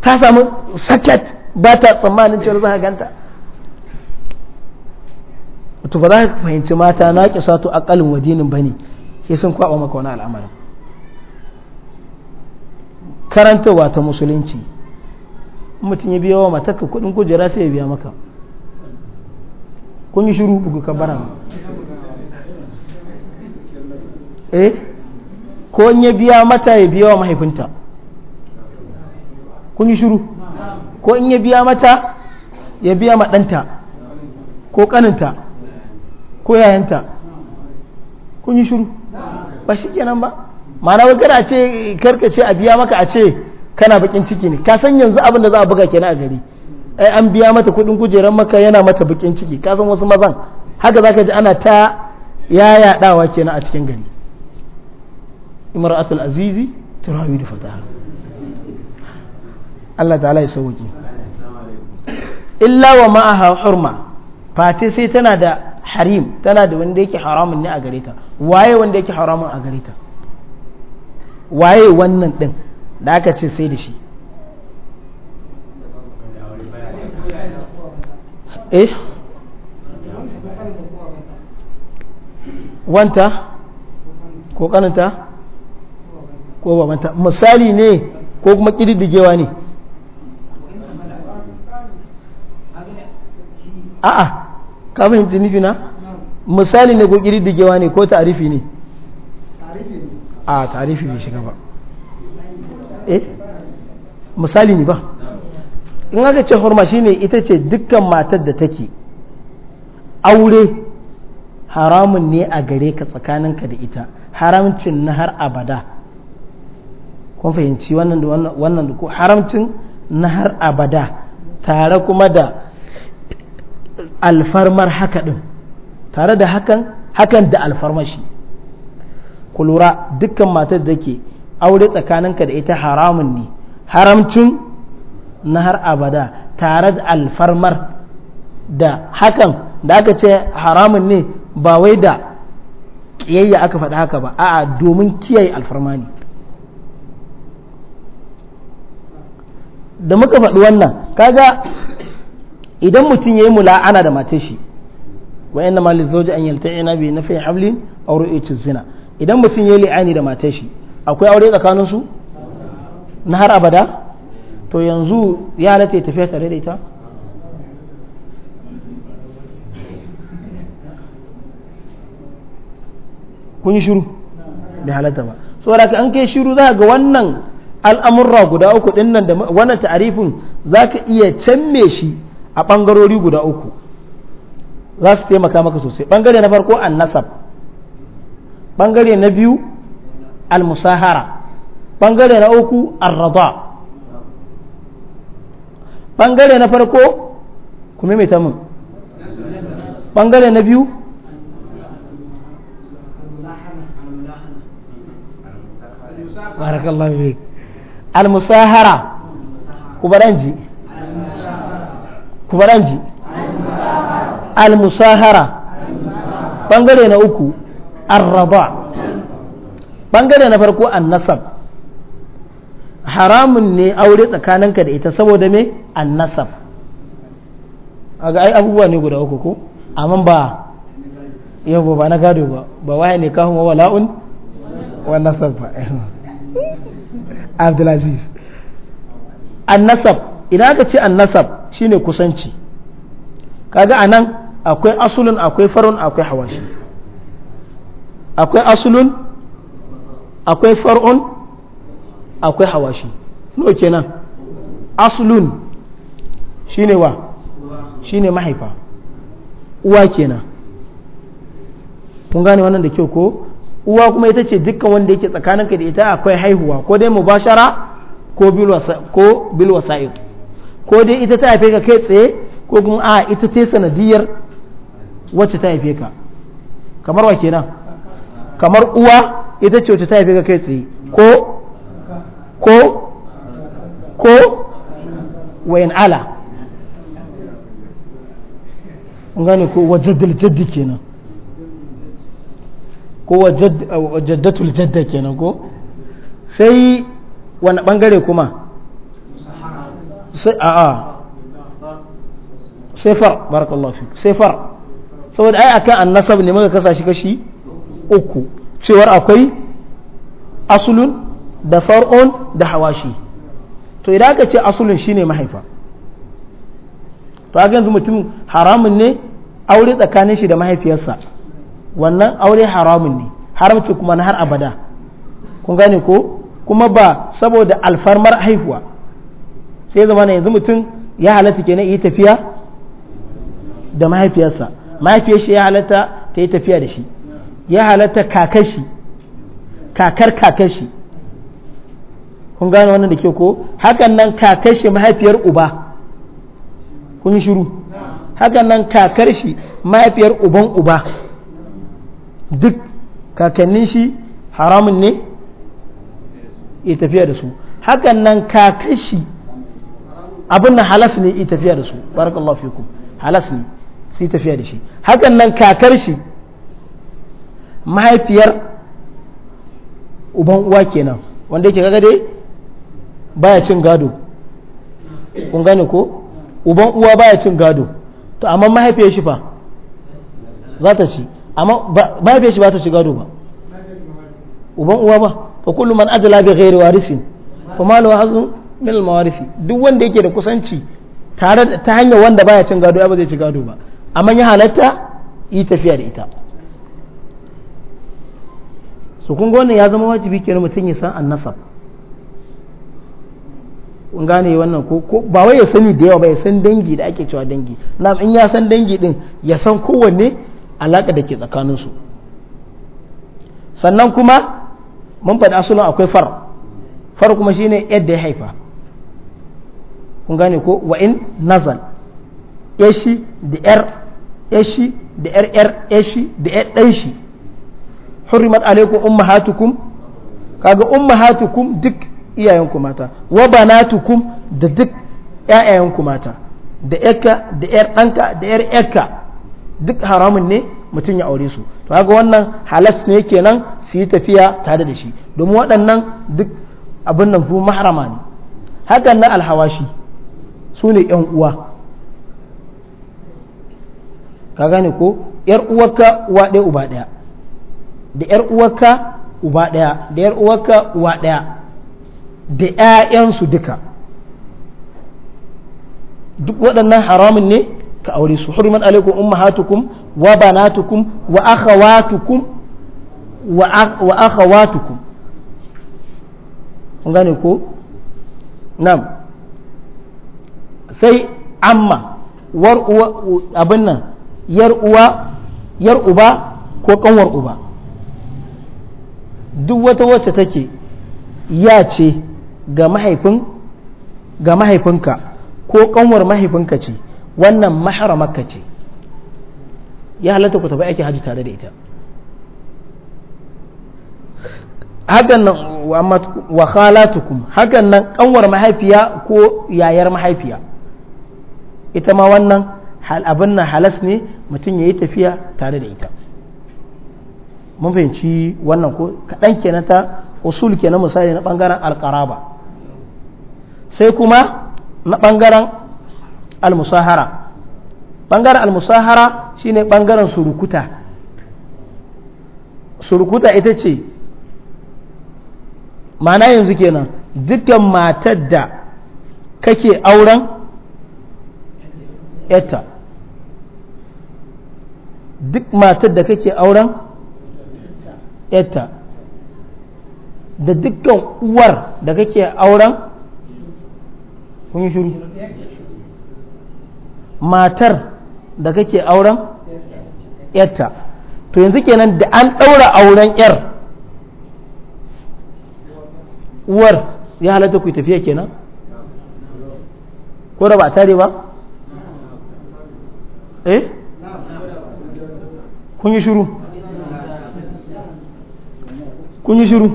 Speaker 1: ta samu saket ba ta tsammanin cewa za ka ganta to ba za ka fahimci mata na kisa sato akalin wadinin bane ke sun kwaɓa maka wani al'amarin karantarwa ta musulunci mutum ya biya wa matarka kudin kujera sai ya biya maka kun yi shiru buku ka bara eh ko ya biya mata ya biya wa mahaifinta kun yi shiru ko in ya biya mata ya biya ma ɗanta ko ƙaninta ko yayanta kun yi shiru ba shi kenan ba ma'ana ba kana ce karka ce a biya maka a ce kana bakin ciki ne ka san yanzu abin da za a buga kenan a gari ai an biya mata kudin kujeran maka yana mata bakin ciki ka san wasu mazan haka zaka ji ana ta yayadawa kenan a cikin gari imra'atul azizi turawi da fataha Allah ta'ala ya sauke illa wa ma'aha hurma fate sai tana da harim tana da wanda yake haramun ne a gare ta waye wanda yake haramun a gare ta waye wannan din da aka ce sai da shi eh wanta ko kananta ko babanta misali ne ko kuma kididdigewa ne a'a ka fahimci nufi na misali ne ko ƙididdigewa ne ko ta'arifi ne a ta'arifi bai shiga ba eh misali ne ba in aka ce shi shine ita ce dukkan matar da take aure haramun ne a gare ka tsakaninka da ita haramcin na har abada kun fahimci wannan da wannan ko haramcin na har abada tare kuma da alfarmar haka ɗin tare da hakan hakan da alfarmashi ku lura dukkan matar da ke aure tsakaninka da ita haramun ne haramcin na har abada tare da alfarmar da hakan da aka ce haramun ne ba wai da kiyayya aka faɗi haka ba a'a domin kiyaye alfarma ne da muka faɗi wannan kaga idan mutum ya yayi mula'ana da matar shi wa inna ma lizawji an yalta'ina bi nafi hablin aw ru'yati zina idan mutum ya yi li'ani da matar shi akwai aure tsakanin su na har abada to yanzu ya halatta tafiya tare da ita kun yi shiru bai halatta ba saboda ka an kai shiru za ga wannan al'amurra guda uku din nan da wannan ta'arifin za ka iya canme shi a ɓangarori guda uku za su taimaka maka sosai ɓangare na farko an nasab ɓangare na biyu al-musahara ɓangare na uku al-rada ɓangare na farko kuma mai tamun ɓangare na biyu al-musahara ku baranji ku faɗan ji al-musahara bangare na uku arraba bangare na farko annasab haramun ne aure tsakaninka da ita saboda me annasab aga ai abubuwa ne guda uku ko amma ba yau ba na gado ba ba waye ne kahun wa wala'un wa nasab ba abdulaziz annasab Ina aka ce annasab shine kusanci kaga anan akwai asulun akwai farun akwai hawashi akwai asulun akwai far'un akwai hawashi no kenan asulun shine wa shine mahaifa uwa kenan kun gane wannan da kyau ko uwa kuma ita ce dukkan wanda yake tsakaninka da ita akwai haihuwa ko dai mubashara ko bilwasa'il ko dai ita ta haife ka kai tsaye ko kuma a ita ta sanadiyar wacce ta haife ka kamar wa kenan kamar uwa ita ce wacce ta haife ka kai tsaye ko ko ko wayan ala gane ko wa jaddal jaddi kenan ko wa jaddatul jadda kenan ko sai wani bangare kuma sai a'a sai far barakallahu sai far saboda ai akan annasab ne muka kasa shi kashi uku cewar akwai asulun da far'un da hawashi to idan aka ce asulun shine mahaifa to a yanzu mutum haramun ne aure tsakanin shi da mahaifiyarsa wannan aure haramun ne haramci kuma na har abada kun gane ko kuma ba saboda alfarmar haihuwa sai zama na yanzu mutum ya halatta ke yi tafiya da mahaifiyarsa mahaifiyar shi ya halatta ta yi tafiya da shi ya halatta kakashi kakar kakashi kun gane wannan da ke ko hakan nan kakashi mahaifiyar uba kun yi shiru hakan nan kakar shi mahaifiyar uban uba duk kakannin shi haramun ne ya tafiya da su hakan nan kakashi abin halas ne yi tafiya da su barakallahu kuma halas ne su yi tafiya da shi hakan nan kakar shi mahaifiyar uban uwa kenan wanda yake gagade baya cin gado kun gane ko uban uwa baya cin gado to amma mahaifiyar shi fa za ta ci amma mahaifiyar shi ba ta ci gado ba uban uwa ba fa kullu man adla bi ghairi warisin fa malu hazun min al-mawarisi duk wanda yake da kusanci tare ta hanyar wanda baya cin gado ya ba zai ci gado ba amma ya halatta yi tafiya da ita su kun ga wannan ya zama wajibi kenan mutum ya san annasab kun gane wannan ko ba wai ya sani da yawa ba ya san dangi da ake cewa dangi na in ya san dangi din ya san kowanne alaka da ke tsakanin su sannan kuma mun faɗi asulun akwai far far kuma shine yadda ya haifa kun gane ko wa in nazal eshi da yar eshi da yar yar eshi da yar dan shi hurrimat alaikum ummahatukum kaga ummahatukum duk ku mata wa banatukum da duk ku mata da yarka da yar danka da yar yarka duk haramun ne mutum ya aure su to kaga wannan halas ne kenan su yi tafiya tare da shi domin waɗannan duk abin nan fu mahrama ne hakan na alhawashi su ne yan uwa ka gane ko yar uwarka uwa ɗaya uba ɗaya da yar uwarka uba ɗaya da yar uwarka uwa ɗaya da ƴaƴansu duka duk waɗannan haramun ne ka aure su hurman alaikum ummahatukum wa banatukum wa akhawatukum wa akhawatukum kun gane ko na'am sai amma war uwa abin nan yar uwa yar uba ko kanwar uba duk wata wacce take ya ce ga mahaifin ga mahaifinka ko kanwar mahaifinka ce wannan maharamarka ce ya halatta ku tafi aikin hajji tare da ita hakan nan wa khalatukum hakan nan kanwar mahaifiya ko yayar mahaifiya ita ma wannan abin nan halas ne mutum ya yi tafiya tare da ita mun fahimci wannan ko kaɗan kenan ta usul kenan misali na ɓangaren alƙaraba sai kuma na ɓangaren almusahara ɓangaren almusahara shine ɓangaren surukuta surukuta ita ce mana yanzu kenan dukkan matar da kake auren Eta duk matar da kake auren eta da dukkan uwar da kake auren kun matar da kake auren yarta to yanzu kenan da an ɗaura auren yar uwar ya halatta ku tafiya kenan ko da ba a tare ba eh kun yi shiru kun yi shiru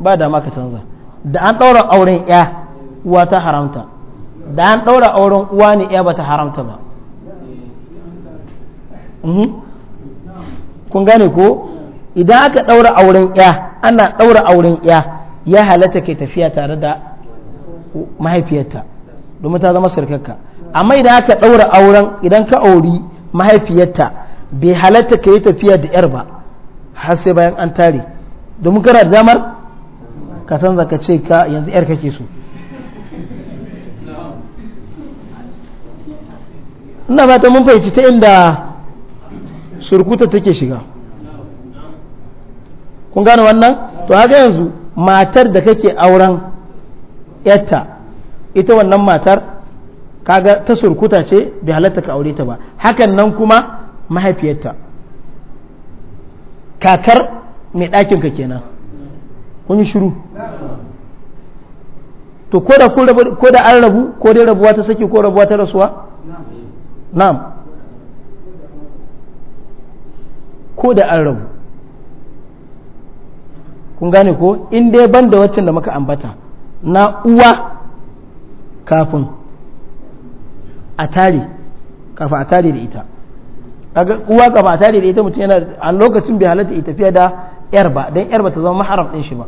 Speaker 1: ba da maka canza da an ɗaura auren ya uwa ta haramta da an ɗaura auren uwa ne ya ba ta haramta ba mhm. kun gane ko idan aka ɗaura auren ya ana ɗaura auren ya ya halatta ke tafiya tare da mahaifiyarta domin ta zama sarkarka amma idan aka ɗaura auren idan ka auri mahaifiyarta bai halatta ka yi tafiya da yar ba har sai bayan an tare domin kana da damar ka canza ka ce ka yanzu yar kake so ina ta mun fahimci ta inda surkuta take shiga kun gane wannan to haka yanzu matar da kake auren yatta ita wannan matar kaga ta surkuta ce bai halatta ka aure ta ba hakan nan kuma mahaifiyarta kakar mai ɗakinka kenan kun yi shiru to ko da an rabu ko dai rabuwa ta saki ko rabuwa ta rasuwa na'am ko da an rabu kun gane ko in dai ban da waccan da muka ambata na uwa kafin a tare kafin a tare da ita uwa kafin a tare da ita mutum yana a lokacin bai halatta ita fiye da yar ba don yar ba ta zama maharam din shi ba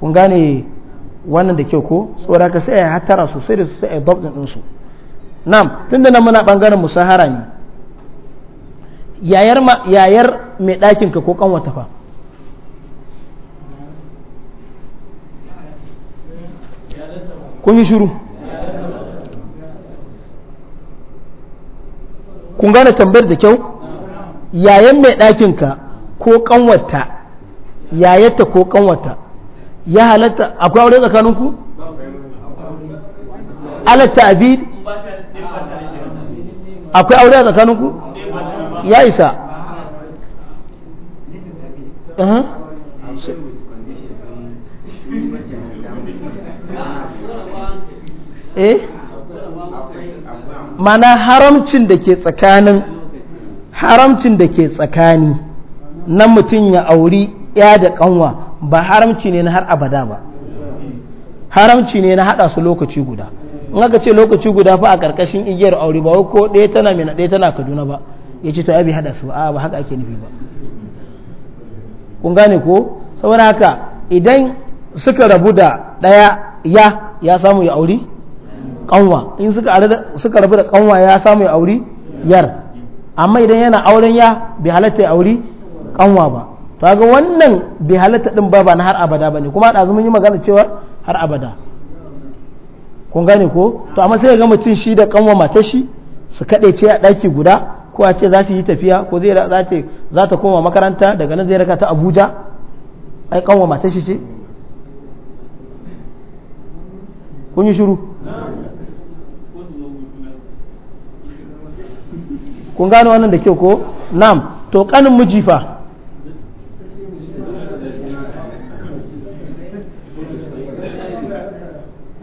Speaker 1: kun gane wannan da kyau ko tsora ka sai ya hatara sosai da sosai a dabdin su nam tunda da nan muna bangaren musahara ne yayar mai ka ko kanwata fa kun yi shuru kun gane tambayar da kyau yayan mai ɗakinka ko ƙanwata yayata ko ƙanwata ya halatta akwai aure tsakaninku alatta abid akwai aure a tsakaninku ya isa eh mana haramcin da ke tsakanin haramcin da ke tsakani na mutum ya auri ya da kanwa ba haramci ne na har abada ba haramci ne na hada su lokaci guda in aka ce lokaci guda fa a karkashin igiyar aure ba ko ɗaya tana mai ɗaya tana kaduna ba ya ce to abi hada su a ba haka ake nufi ba kun gane ko saboda haka idan suka rabu da ɗaya ya ya samu ya aure kanwa in suka rabu da kanwa ya samu ya auri yar amma idan yana auren ya bai halatta ya auri kanwa ba to ga wannan bi halatta din ba ba na har abada bane kuma da mun yi magana cewa har abada kun gane ko to amma sai ga mutum shi da kanwa matar shi su kade ce a ɗaki guda ko a ce za su yi tafiya ko zai za ta za ta koma makaranta daga nan zai raka ta Abuja ai kanwa matar shi ce kun yi shiru kun gano wannan da kyau ko nam to kanin miji fa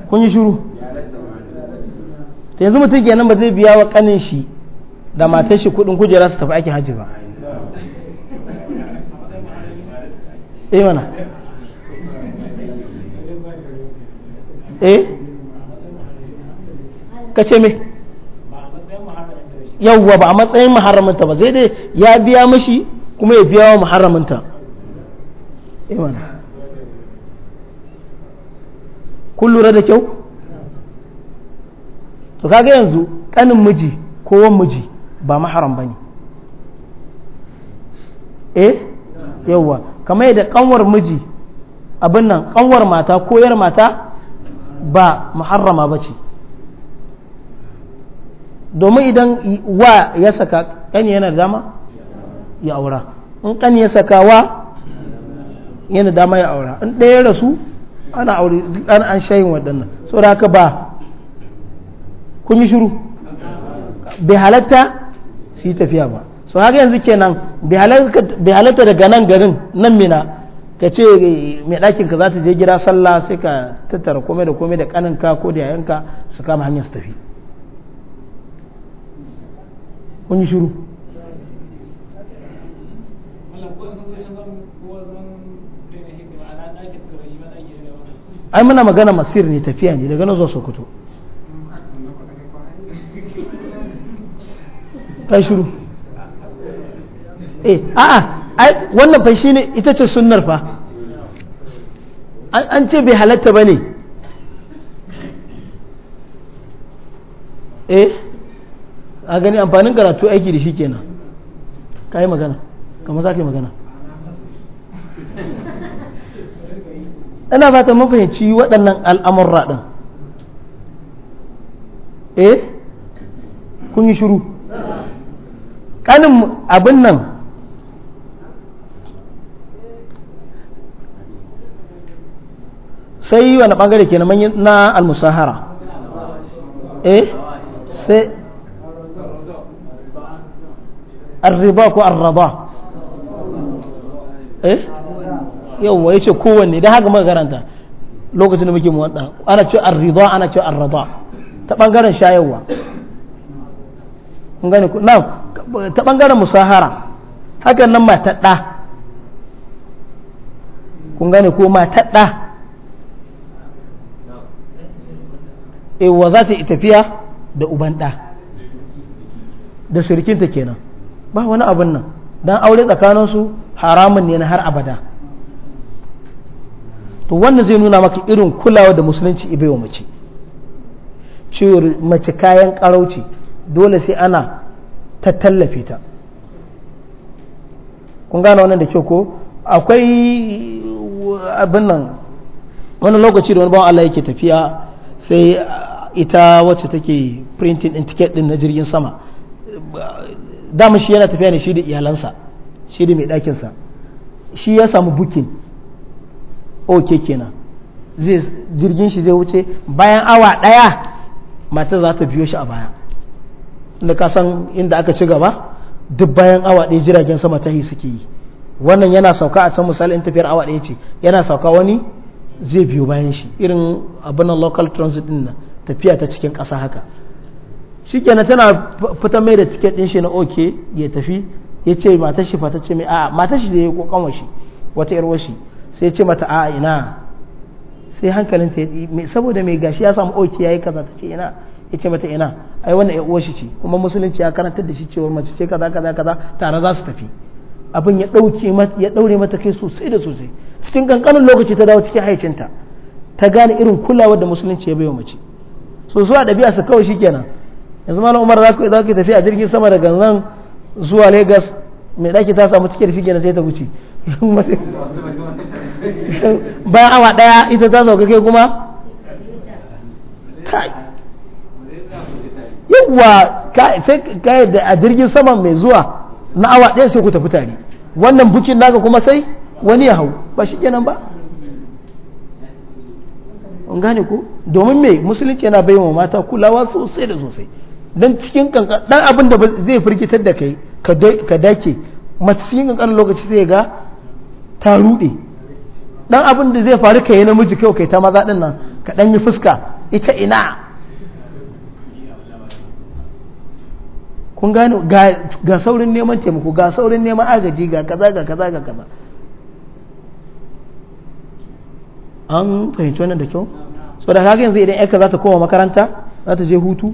Speaker 1: kun yi shiru ta yanzu mutum kenan ba zai biya wa kanin shi da matan shi kudin kujera su tafi aikin hajji ba eh mana eh ka ce me yawwa ba a matsayin maharaminta ba zai dai ya biya mashi kuma ya biya wa maharaminta eh kun lura da kyau to kaga yanzu kanin miji ko wan miji ba maharam ba ne eh yawwa kama yadda kanwar miji abin nan kanwar mata koyar mata ba maharama ba ce domin idan wa ya saka ƙani yana dama ya aura in ƙani ya saka wa yana dama ya aura in ɗaya rasu ana aure an an shayin waɗannan saboda haka ba kun yi shiru bai halatta su yi tafiya ba so haka yanzu kenan bai halatta daga nan garin nan mina ka ce eh, mai ɗakin ka za ta je gida sallah sai ka tattara komai da komai da kaninka ko da yayanka su kama hanyar su tafi kun yi shiru ai muna magana masir ne tafiya ne daga nazo zuwa kuto kai shiru eh a'a ai wannan fa shine ita ce sunnar fa an ce bai halatta bane eh a gani amfanin karatu aiki da shi kenan ka yi magana kamar za ka yi magana ina fata mafahimci waɗannan al'amurra ɗin eh kun yi shiru ƙanin abin nan sai wani ɓangare ke na al-musahara eh sai arriba ko arraba eh yawwa yace kowanne da haka makaranta lokacin da muke mu wanda ana ce arriba ana ce arraba ta bangaren shayarwa kun gane ku na ta bangaren musahara hakan nan mata da kun gane ko mata da ewa za ta tafiya da uban da da sirkinta kenan ba wani abin nan don aure tsakaninsu haramun ne na har abada to wannan zai nuna maka irin kulawa da musulunci ibe wa mace cewar mace kayan karauci dole sai ana ta tallafe ta kun gane wannan da kyau ko akwai abin nan wani lokaci da wani bawan Allah yake tafiya sai ita wacce take printing din ticket ɗin na jirgin sama dama shi yana tafiya ne shi da iyalansa shi da mai ɗakinsa shi ya samu bukin ok kenan jirgin shi zai wuce bayan awa ɗaya matar za ta biyo shi a baya da ka san inda aka ci gaba duk bayan awa ɗaya jiragen sama ta yi suke yi wannan yana sauka a can misali in tafiyar awa ɗaya ce yana sauka wani zai biyo bayan shi irin abin local transit din nan tafiya ta cikin ƙasa haka shikenan tana fitar mai da tiket din shi na oke ya tafi ya ce mata shi fata ce mai a mata shi da ya kokan washi wata yar washi sai ce mata a ina sai hankalin ta saboda mai gashi ya samu oke yayi kaza ta ce ina ya ce mata ina ai wannan ya uwar shi ce kuma musulunci ya karantar da shi cewar mace ce kaza kaza kaza tare za su tafi abin ya dauke ya daure mata kai sosai da sosai cikin kankanin lokaci ta dawo cikin haicinta ta gane irin kulawar da musulunci ya bai wa mace so zuwa ɗabi'a su kawai shikenan yanzu malam umar za ku tafi a jirgin sama daga nan zuwa lagos mai daki ta samu cikin shi gina sai ta wuce bayan awa daya ita ta sauka kai kuma yawwa kai da a jirgin sama mai zuwa na awa ɗaya sai ku tafi tare wannan bukin naka kuma sai wani ya hau ba shi kenan ba an gane ku domin me musulunci yana bai wa mata kulawa sosai da sosai dan cikin kankan dan abin da zai firgitar da kai ka dake mace cikin kankan lokaci sai ga ta rude dan abin da zai faru kai namiji kai kai ta maza din nan ka dan yi fuska ita ina kun gane ga saurin neman taimako ga saurin neman agaji ga kaza ga kaza ga kaza an fahimci wannan da kyau saboda da kaga yanzu idan yarka za ta koma makaranta za ta je hutu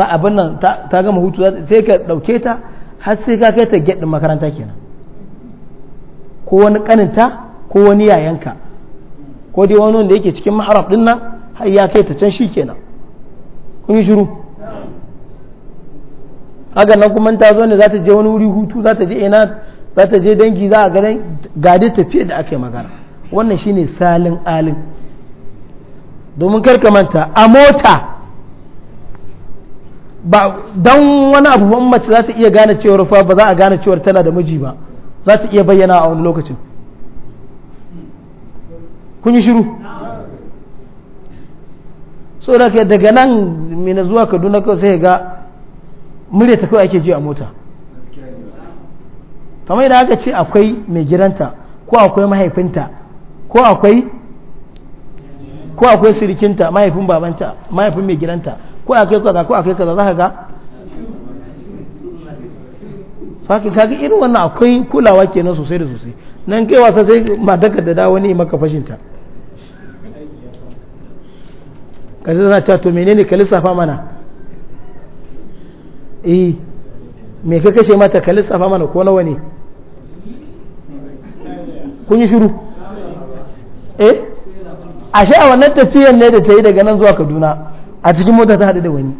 Speaker 1: ta abin nan ta gama hutu sai ka ɗauke ta har sai ka kai ta gyaɗin makaranta kenan ko wani ƙaninta ko wani yayanka ko dai wani wanda yake cikin maharab ɗin nan har ya kai ta can shi kenan kun yi shiru haka nan kuma ta zo ne za ta je wani wuri hutu za ta je ina za ta je dangi za a ganin gade fiye da aka yi magana wannan shine salin alin domin kar ka manta a mota ba don wani abu ban mace za ta iya gane cewar fa ba za a gane cewar tana da miji ba za ta iya bayyana a wani lokacin kun yi shiru so da ke daga nan mina zuwa kaduna kawai sai ga murya ta kawai ake ji a mota kamar da aka ce akwai mai gidanta ko akwai mahaifinta ko akwai ko akwai sirikinta mahaifin babanta mahaifin mai gidanta ko ake kaza ko ake kaza za ka ga fakin kage irin wannan akwai kulawa kenan sosai da sosai nan kai wasa sai madaka da dawo ne fashin fashinta kaje zai ta to menene ka lissafa mana eh me ka kashe mata ka lissafa mana ko nawa ne kun yi shiru eh ashe a wannan tafiyar ne da ta yi daga nan zuwa kaduna a cikin mota ta haɗu da wani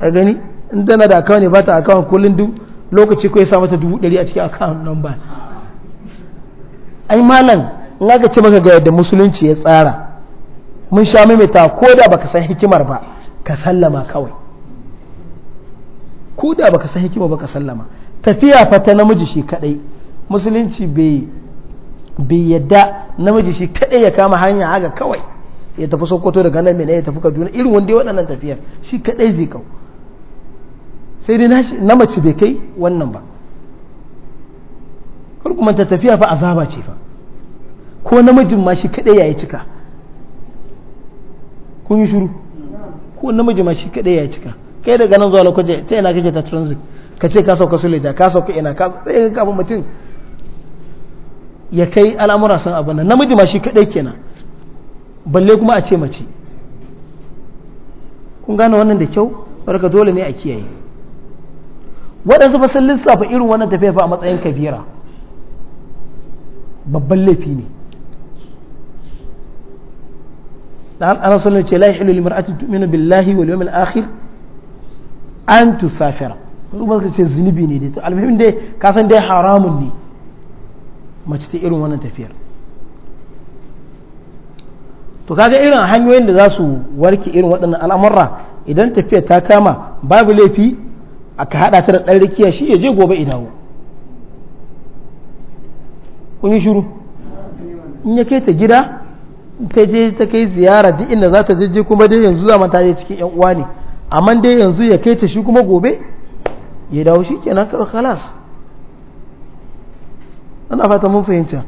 Speaker 1: a gani in tana da akawun ne ba ta akawun kullum duk lokaci ko ya sa mata dubu ɗari a cikin akawun nan ba ai malam in aka ce maka ga yadda musulunci ya tsara mun sha maimaita ko da baka san hikimar ba ka sallama kawai ko da baka san hikima ba ka sallama tafiya fata namiji shi kadai musulunci bai yadda namiji shi kadai ya kama hanya haka kawai ya tafi sokoto daga nan mene ya tafi kaduna irin wanda ya waɗannan tafiyar shi kaɗai zai kau sai dai na mace bai kai wannan ba kar kuma ta tafiya fa azaba ce fa ko namijin ma shi kaɗai yayi cika kun yi shiru ko namijin ma shi kaɗai yayi cika kai daga nan zuwa lokaci ta ina kake ta transit ka ce ka sauka suleja ka sauka ina ka tsaye ga mutum ya kai al'amura san abin nan namiji ma shi kaɗai kenan balle kuma a ce mace kun gane wannan da kyau barka dole ne a kiyaye waɗansu fa sun lissafa irin wannan tafiya fa a matsayin kabira babban laifi ne dan ana sallan ce la yahillu limar'ati tu'minu billahi wal yawmil akhir an tusafira kuma ka ce zunubi ne dai to almuhim dai ka san dai haramun ne mace ta irin wannan tafiyar to kaga irin hanyoyin da za su warke irin waɗannan al'amurra idan tafiya ta kama babu laifi a ka haɗa ta da ɗan rikiya shi ya je gobe idawo kun yi shiru in ya kai ta gida ta je ta kai ziyara duk inda za ta je kuma dai yanzu zaman ta je cikin yan uwa ne amma dai yanzu ya kai ta shi kuma gobe ya dawo shi kenan kawai kalas ana fata mun fahimta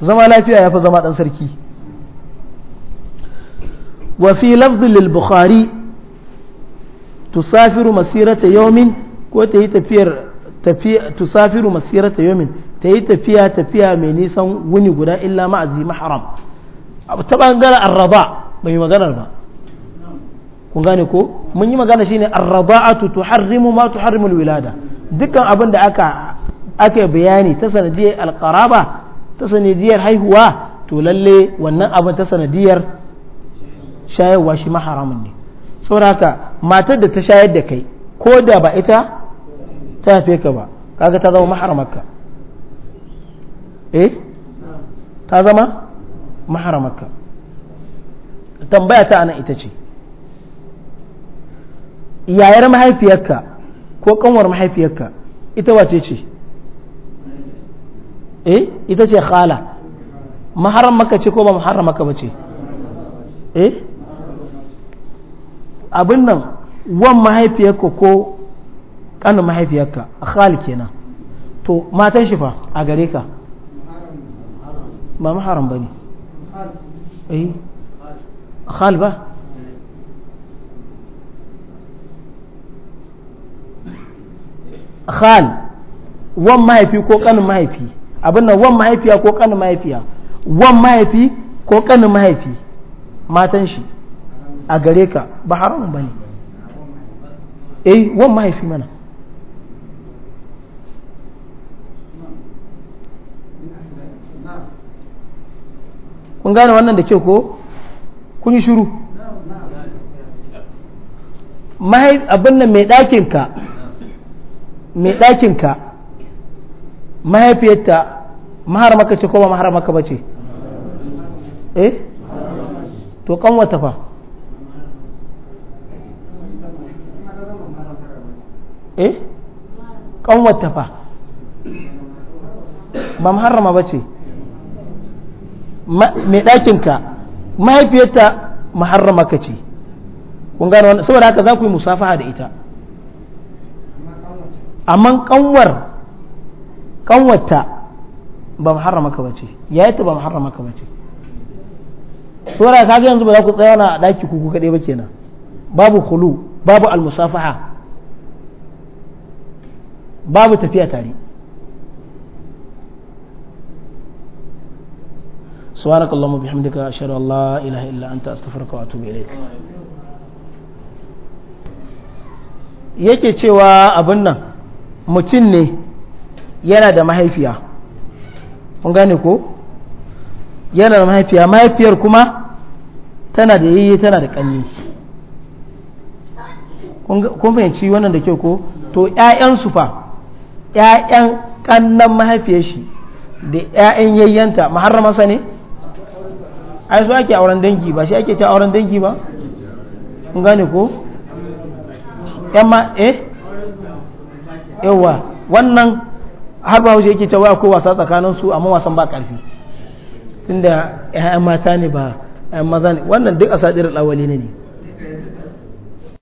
Speaker 1: zama lafiya ya fi zama ɗan sarki وفي لفظ للبخاري تسافر مسيرة يوم وتهي تفير تفي تسافر مسيرة يوم تهي تفيها تفيها من نيسان وني غدا إلا مع ذي محرم طبعا قال الرضاع ما يمغانا البا kun gane ko mun yi magana shine ar-rada'atu tuharrimu ma tuharrimu al-wilada dukkan abin da aka ake bayani ta sanadiyar al ta sanadiyar haihuwa to wannan abin ta sanadiyar shayarwa shi ma haramun ne saboda haka matar da ta shayar da kai ko da ba ita ta hafe ka ba kaga ta zama maharamarka eh ta zama maharamarka tambaya ta anan ita ce yayar mahaifiyarka ko kanwar mahaifiyarka ita wace ce eh ita ce khala maharamarka ce ko ba maharamarka ba ce eh abin nan wan mahaifiyarka ko kanin mahaifiyarka a khali kenan to matan shi fa a gare ka ba maharan ba ne eh khal ba khali wan mahaifi ko kanin mahaifi abin nan wan mahaifiya ko kanin mahaifiya wan mahaifi ko kanin mahaifi matan shi a gare ka ba haramun ba ne eh wan mahaifi mana kun gane wannan da ke ko kun yi shuru abin nan mai ɗakinka mai ɗakinka mahaifiyarta maharamaka ce ko ba maharamaka ba ce eh to wata fa eh kanwata fa ba harama ba ce mai ɗakinka mahaifiyarta mu harama ka ce kun gano saboda haka za ku yi musafaha da ita amma kanwar kanwata ba mu harama ka yi yayata ba mu harama ka ce saboda kaga yanzu ba za ku tsaya na ɗaki kuku kaɗai ba kenan babu hulu babu almusafaha babu tafiya tare سبحانك اللهم وبحمدك أشهد أن لا إله إلا أنت أستغفرك وأتوب إليك yake cewa abin nan mutum ne yana da mahaifiya kun gane ko yana da mahaifiya mahaifiyar kuma tana da yayi tana da kanni kun fahimci wannan da kyau ko to 'ya'yansu fa ‘ya'yan ƙannan mahaifiyar shi da ‘ya'yan yayyanta maharrama sa ne? ai su ake auren dangi ba shi ake ce auren dangi ba? in gane ko? ‘yan eh? yawa wannan har ba haushe yake cewa akwai wasa tsakanin su amma wasan ba karfi tunda ‘ya'yan mata ne ba ‘yan maza ne wannan duk a sadirar ɗawali ne ne